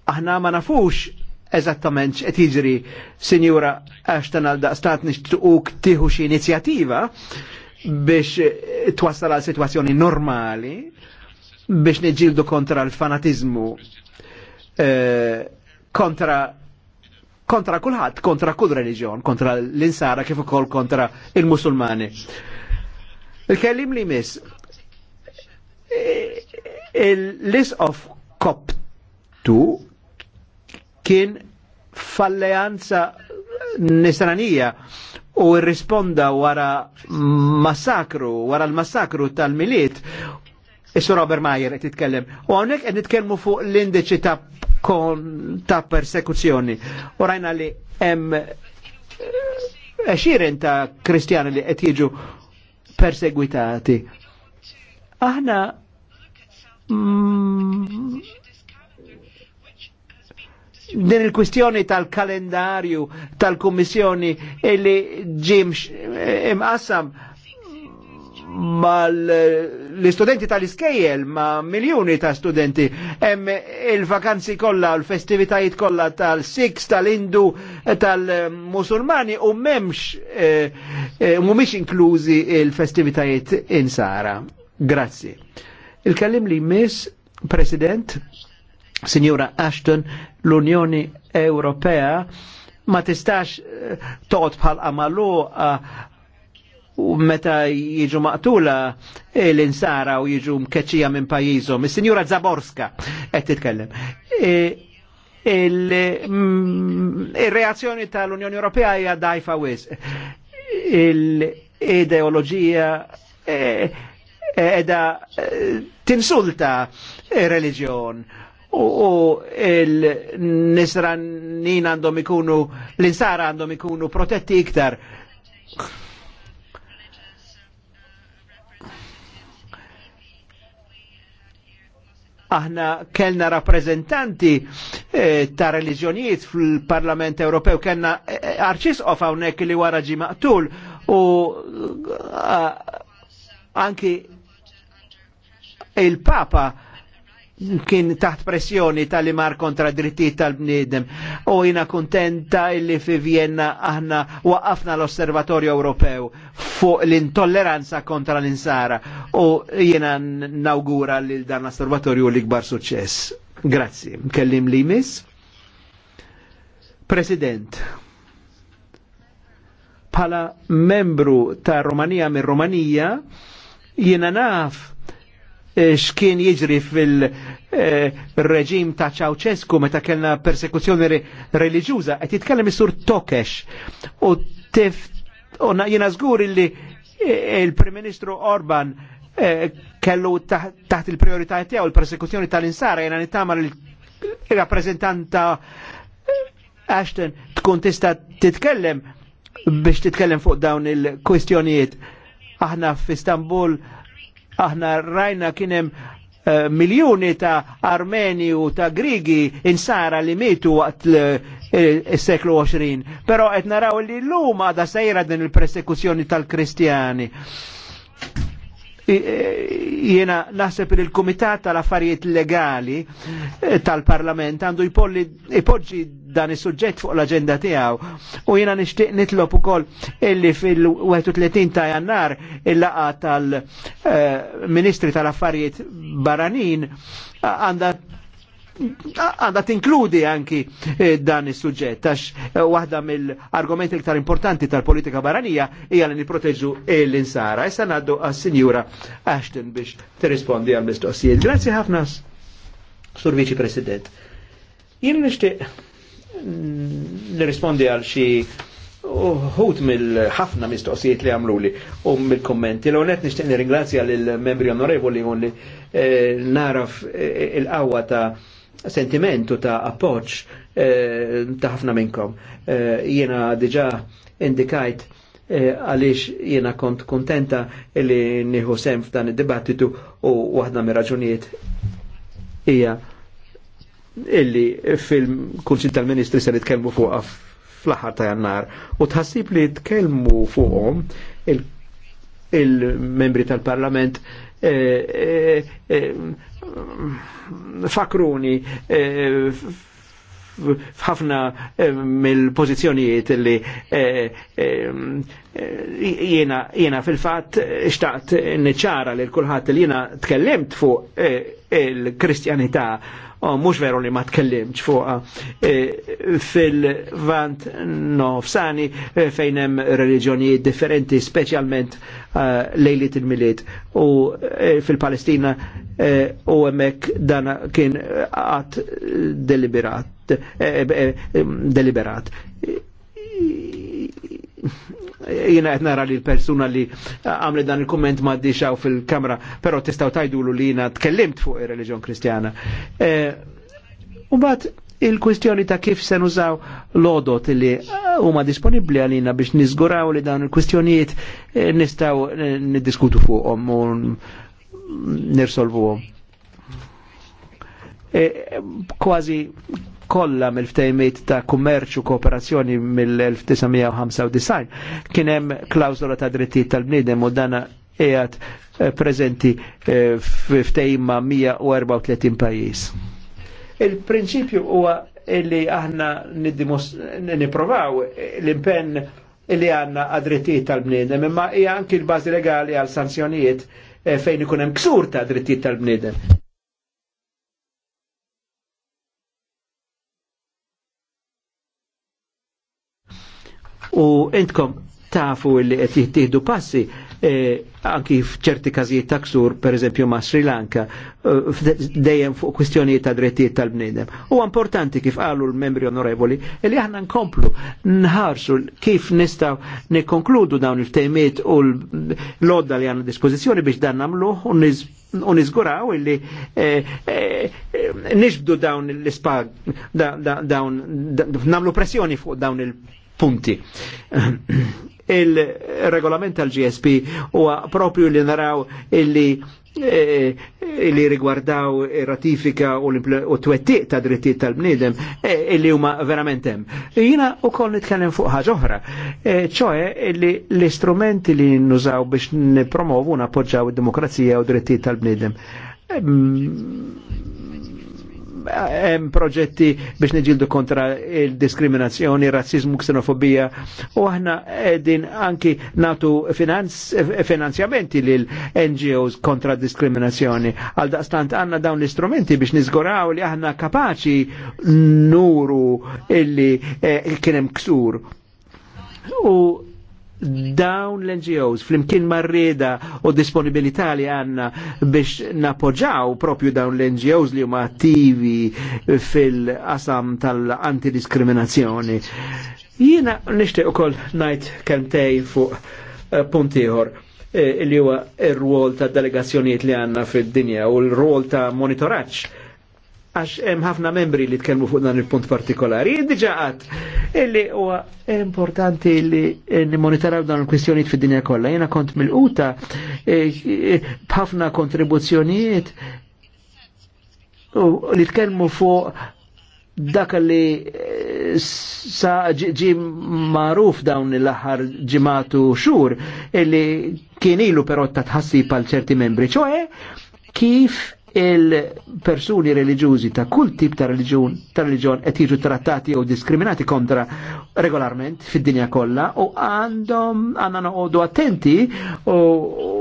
aħna ma nafux eżattament x'qed jiġri Sinjura Ashton għal daqstant nixtiequk tieħu xi inizjattiva biex twassal għal situazzjoni normali biex neġildu kontra l-fanatizmu eh, kontra kontra kulħadd, kontra kull reliġjon, kontra l-insara kif ukoll kontra il-Musulmani. Il-kellim li miss, il-list of koptu kien falleanza nisranija u risponda wara massakru, wara l-massakru tal-miliet. Issu Robert Mayer qed titkellem. U hawnhekk qed nitkellmu fuq l-indiċi ta' kon ta' persekuzzjoni. U rajna li hemm eċirin eh, ta' kristjani li qed jiġu perseguitati. Aħna mm, din il-kwistjoni tal-kalendarju tal-kummissjoni illi ġimx eh, imqassam mal-istudenti eh, tal-iskejjel, ma' miljoni ta' studenti, hemm il-vakanzi kollha, l-festivitajiet kollha tal sikhs tal-Indu, eh, tal-Musulmani u memx eh, u mhumiex inklużi il-festivitajiet insara. Grazzi. Il-kellim li miss, President, Signora Ashton, l-Unjoni Ewropea ma tistax toqgħod bħal amalu u meta jiġu maqtula eh, l-insara u jiġu mkeċija minn pajizom. Il-Sinjura Zaborska, għed titkellem. Eh, mm, il-reazzjoni tal-Unjoni Ewropea hija dajfa wis. il ideologija eh, edha tinsulta il-reliġjon u il-nisranin għandhom ikunu, l-insara għandhom ikunu protetti iktar aħna kellna rappresentanti eh, ta' reliġjonijiet fil-Parlament Ewropew, kellna eh, arċisqof hawnhekk li wara ġi maqtul u eh, anki il-Papa kien taħt pressjoni tal-imar kontra drittijiet tal-bniedem. U jina kontenta illi fi Vienna aħna waqafna l-Osservatorju Ewropew fuq l-intolleranza kontra l-insara. U jina nawgura li dan l-Osservatorju l-ikbar suċess. Grazzi. Kellim li miss. President, pala membru ta' Romania mir Romanija, jina naf Eh, x'kien jiġri fil-reġim eh, ta' Ceausescu meta kellna persekuzzjoni reliġjuża qed jitkellem is-sur Tokesh u tif jiena żgur illi eh, il-Prim Ministru Orban kellu taħt il-priorità tiegħu il-persekuzzjoni tal-insara jiena nittama il-rappreżentanta Ashton tkun tista' titkellem biex titkellem fuq dawn il-kwistjonijiet aħna f'Istanbul Aħna rajna kienem uh, miljoni ta' Armeni u ta' Grigi insara li mitu għat il-seklu eh, 20. Pero qed naraw li l-lum għada sejra din il-persekuzjoni tal-Kristjani. Eh, jiena naħseb il-Kumitat tal-Affarijiet Legali tal-Parlament għandu jpoġġi dan is-suġġett fuq l agenda tiegħu. U jiena nixtieq nitlob ukoll illi fil-31 ta' jannar il-laqa tal-Ministri eh, tal-Affarijiet Baranin għandha għanda tinkludi anki eh, dan is suġġett tax eh, waħda mill-argumenti iktar importanti tal-politika barranija hija li niproteġu l-insara. Issa ngħaddu għas-Sinjura Ashton biex tirrispondi għal mistoqsijiet. Grazzi ħafna, Sur Viċi President. Jien nixtieq nirrispondi għal xi uħut mill-ħafna mistoqsijiet li għamlu li u mill-kommenti. L-għonet nishtiq nirringrazzja l-membri onorevoli għon li eh, naraf eh, il-qawwa ta' sentimentu ta' appoċ eh, ta' ħafna minnkom. Jena diġa indikajt għaliex jena kont kontenta li nieħu sem f'dan id-dibattitu u waħda mir raġunijiet hija illi fil-Kunsil tal-Ministri se nitkellmu fuqha fl-aħħar ta' jannar u tħassib li tkellmu fuqhom il-membri tal-Parlament eh, eh, eh, fakruni f'ħafna mill-pozizjonijiet li jiena fil-fat xtaqt niċara li l-kulħat li jiena tkellimt fuq il-Kristjanità Oh, mhux veru li ma tkellimx fuqha e, fil-vant nofsani e, fejn hemm reliġjonijiet differenti speċjalment e, lejlit il-miliet u fil-Palestina u hemmhekk dan kien għat deliberat deliberat jina qed nara li l-persuna li għamli dan il-komment ma għaw fil-kamra, pero però tajdu l li jina tkellimt fuq il-reġjon Kristjana. E, u il-kwistjoni ta' kif se użaw l-odot li huma disponibli għalina biex nizguraw li dan il-kwistjonijiet e, nistaw e, nid-diskutu fuqhom u nirsolvuhom. E, kważi kollha mill-ftejmiet ta' kummerċ u kooperazzjoni mill-1995 kien hemm klawżola ta' drittijiet tal-bniedem u dana qiegħed eh, preżenti eh, f'ftejim ma' 134 pajjiż. Il-prinċipju huwa li aħna niprovaw l-impenn għandna għanna għadrittijiet tal-bniedem, imma hija anki l-bażi legali għal sanzjonijiet eh, fejn ikun hemm ksur ta' drittijiet tal-bniedem. U intkom tafu li qed jittieħdu passi E, anki f'ċerti każijiet ta' ksur, per eżempju ma' Sri Lanka, eh, dejjem fuq kwistjonijiet ta' drittijiet tal-bniedem. U importanti kif qalu l-membri onorevoli, li aħna nkomplu nħarsu kif nistgħu nikkonkludu dawn il-temiet u l-lodda li għandna dispożizzjoni biex dan nagħmluh u u nizguraw illi eh, nixbdu dawn l-ispag, dawn, nagħmlu namlu pressjoni fuq dawn il- punti. Il-regolament tal-GSP huwa propju li naraw illi eh, li rigwardaw ratifika u t-twettiq ta' drittijiet tal-bnidem e, eh, li huma verament hemm. Jina u koll nitkellem fuq ħaġa oħra, eh, ċoe li l-istrumenti li nużaw biex nipromovu napoġġaw id-demokrazija u drittijiet tal-bnidem hemm proġetti biex niġildu kontra il-diskriminazzjoni, razzizmu, ksenofobija u aħna edin anki natu finanzjamenti lil NGOs kontra diskriminazzjoni. Għal daqstant għanna dawn l-istrumenti biex nizgoraw li aħna kapaċi nuru illi eh, kienem ksur. U dawn l-NGOs flimkien marreda u disponibilità li għanna biex napoġaw propju dawn l-NGOs li huma attivi fil-qasam tal-antidiskriminazzjoni. Jiena nishtiq ukoll ngħid kemtej fuq eh, puntiħor eh, li huwa r-rwol ta' delegazzjonijiet li għanna fid-dinja u l-rwol ta' monitoraġġ għax hemm ħafna membri li tkellmu fuq dan il-punt partikolari. Diġa qatt illi huwa importanti li eh, nimmonitaraw dan il-kwistjoniet fid-dinja kollha. Jiena kont mill-quta eh, b'ħafna kontribuzzjonijiet li tkellmu fuq dak li eh, sa ġi maruf dawn l-aħħar ġimatu xur illi kien ilu però ta' tħassib għal ċerti membri, ċoħe kif il-persuni reliġjużi ta' kull tip ta' reliġjun ta' reliġjon qed jiġu trattati u diskriminati kontra regolarment fid-dinja kollha u għandhom għandna noqogħdu attenti u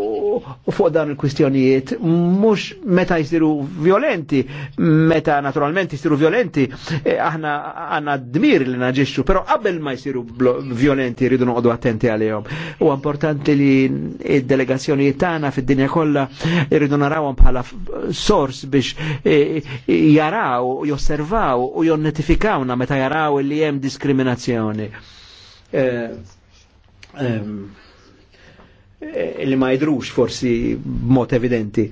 u fuq dan il-kwistjonijiet mux meta jsiru violenti, meta naturalment jsiru violenti, e, aħna għanna d dmir li naġiċu, pero qabel ma jsiru violenti rridu noqogħdu attenti għalihom. U importanti li id-delegazzjonijiet tagħna fid-dinja kollha rridu narawhom bħala sors biex e, e, jaraw, josservaw u jonnetifikawna meta jaraw li hemm diskriminazzjoni. Um, Eh, li ma jidrux forsi b'mod evidenti.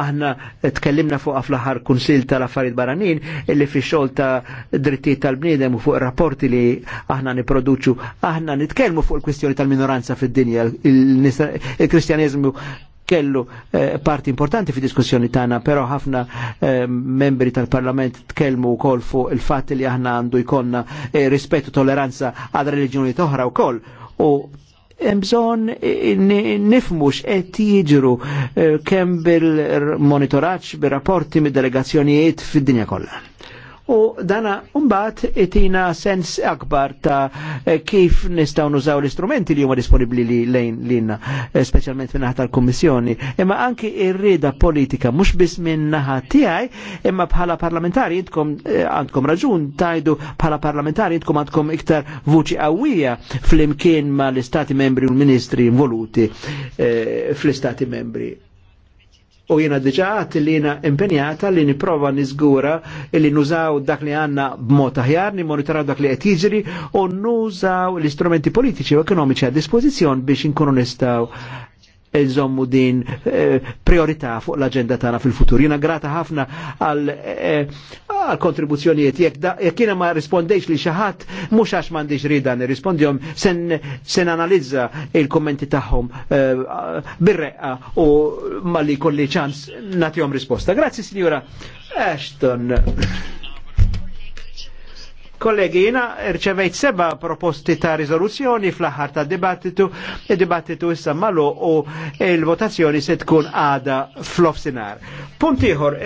Aħna tkellimna fuq fl-aħħar kunsil tal-affarijiet barranin illi fi xogħol ta' drittijiet tal-bniedem u fuq rapporti li aħna niproduċu, aħna nitkellmu fuq il-kwistjoni tal-minoranza fid-dinja, il-kristjaneżmu kellu eh, parti importanti fi diskussjoni tagħna, però ħafna eh, membri tal-Parlament tkellmu wkoll fuq il-fatt li aħna għandu jkollna eh, rispettu tolleranza għal reliġjoni oħra wkoll u Mżon nifmux qed jiġru eh, kemm bil monitoraċ bir rapporti mid-delegazzjonijiet fid-dinja kollha u dana umbat itina sens akbar ta' kif nistgħu nużaw l-istrumenti li huma disponibbli li lejn lilna, speċjalment minn naħa tal-Kummissjoni, imma anki ir politika mhux biss minn naħa tiegħi, imma bħala parlamentari jitkom eh, għandkom raġun tajdu bħala parlamentari jitkom għandkom iktar vuċi qawwija fl-imkien ma' l-istati membri u l-ministri involuti eh, fl-istati membri u jena diġaħat li jena impenjata li niprofa nizgura li nużaw dak li għanna b'mod aħjar, monitoraw dak li qed u nużaw l-istrumenti politiċi u ekonomiċi għad dispozizjon biex inkunu nistaw iżommu din eh, priorità fuq l-agenda tagħna fil-futur. Jiena grata ħafna għal eh, kontribuzzjonijiet jekk jiena ma rispondejx li xi ħadd mhux għax m'għandix rida nirrispondihom se analizza il-kommenti tagħhom eh, bir-reqqa u malli kolli ċans nagħtihom risposta. Grazzi, Signora Ashton. Kollegi, jina rċevejt seba proposti ta' rizoluzzjoni fl-aħħar ta' dibattitu, dibattitu issa malu u il-votazzjoni se tkun għada fl-ofsinar. Puntiħor,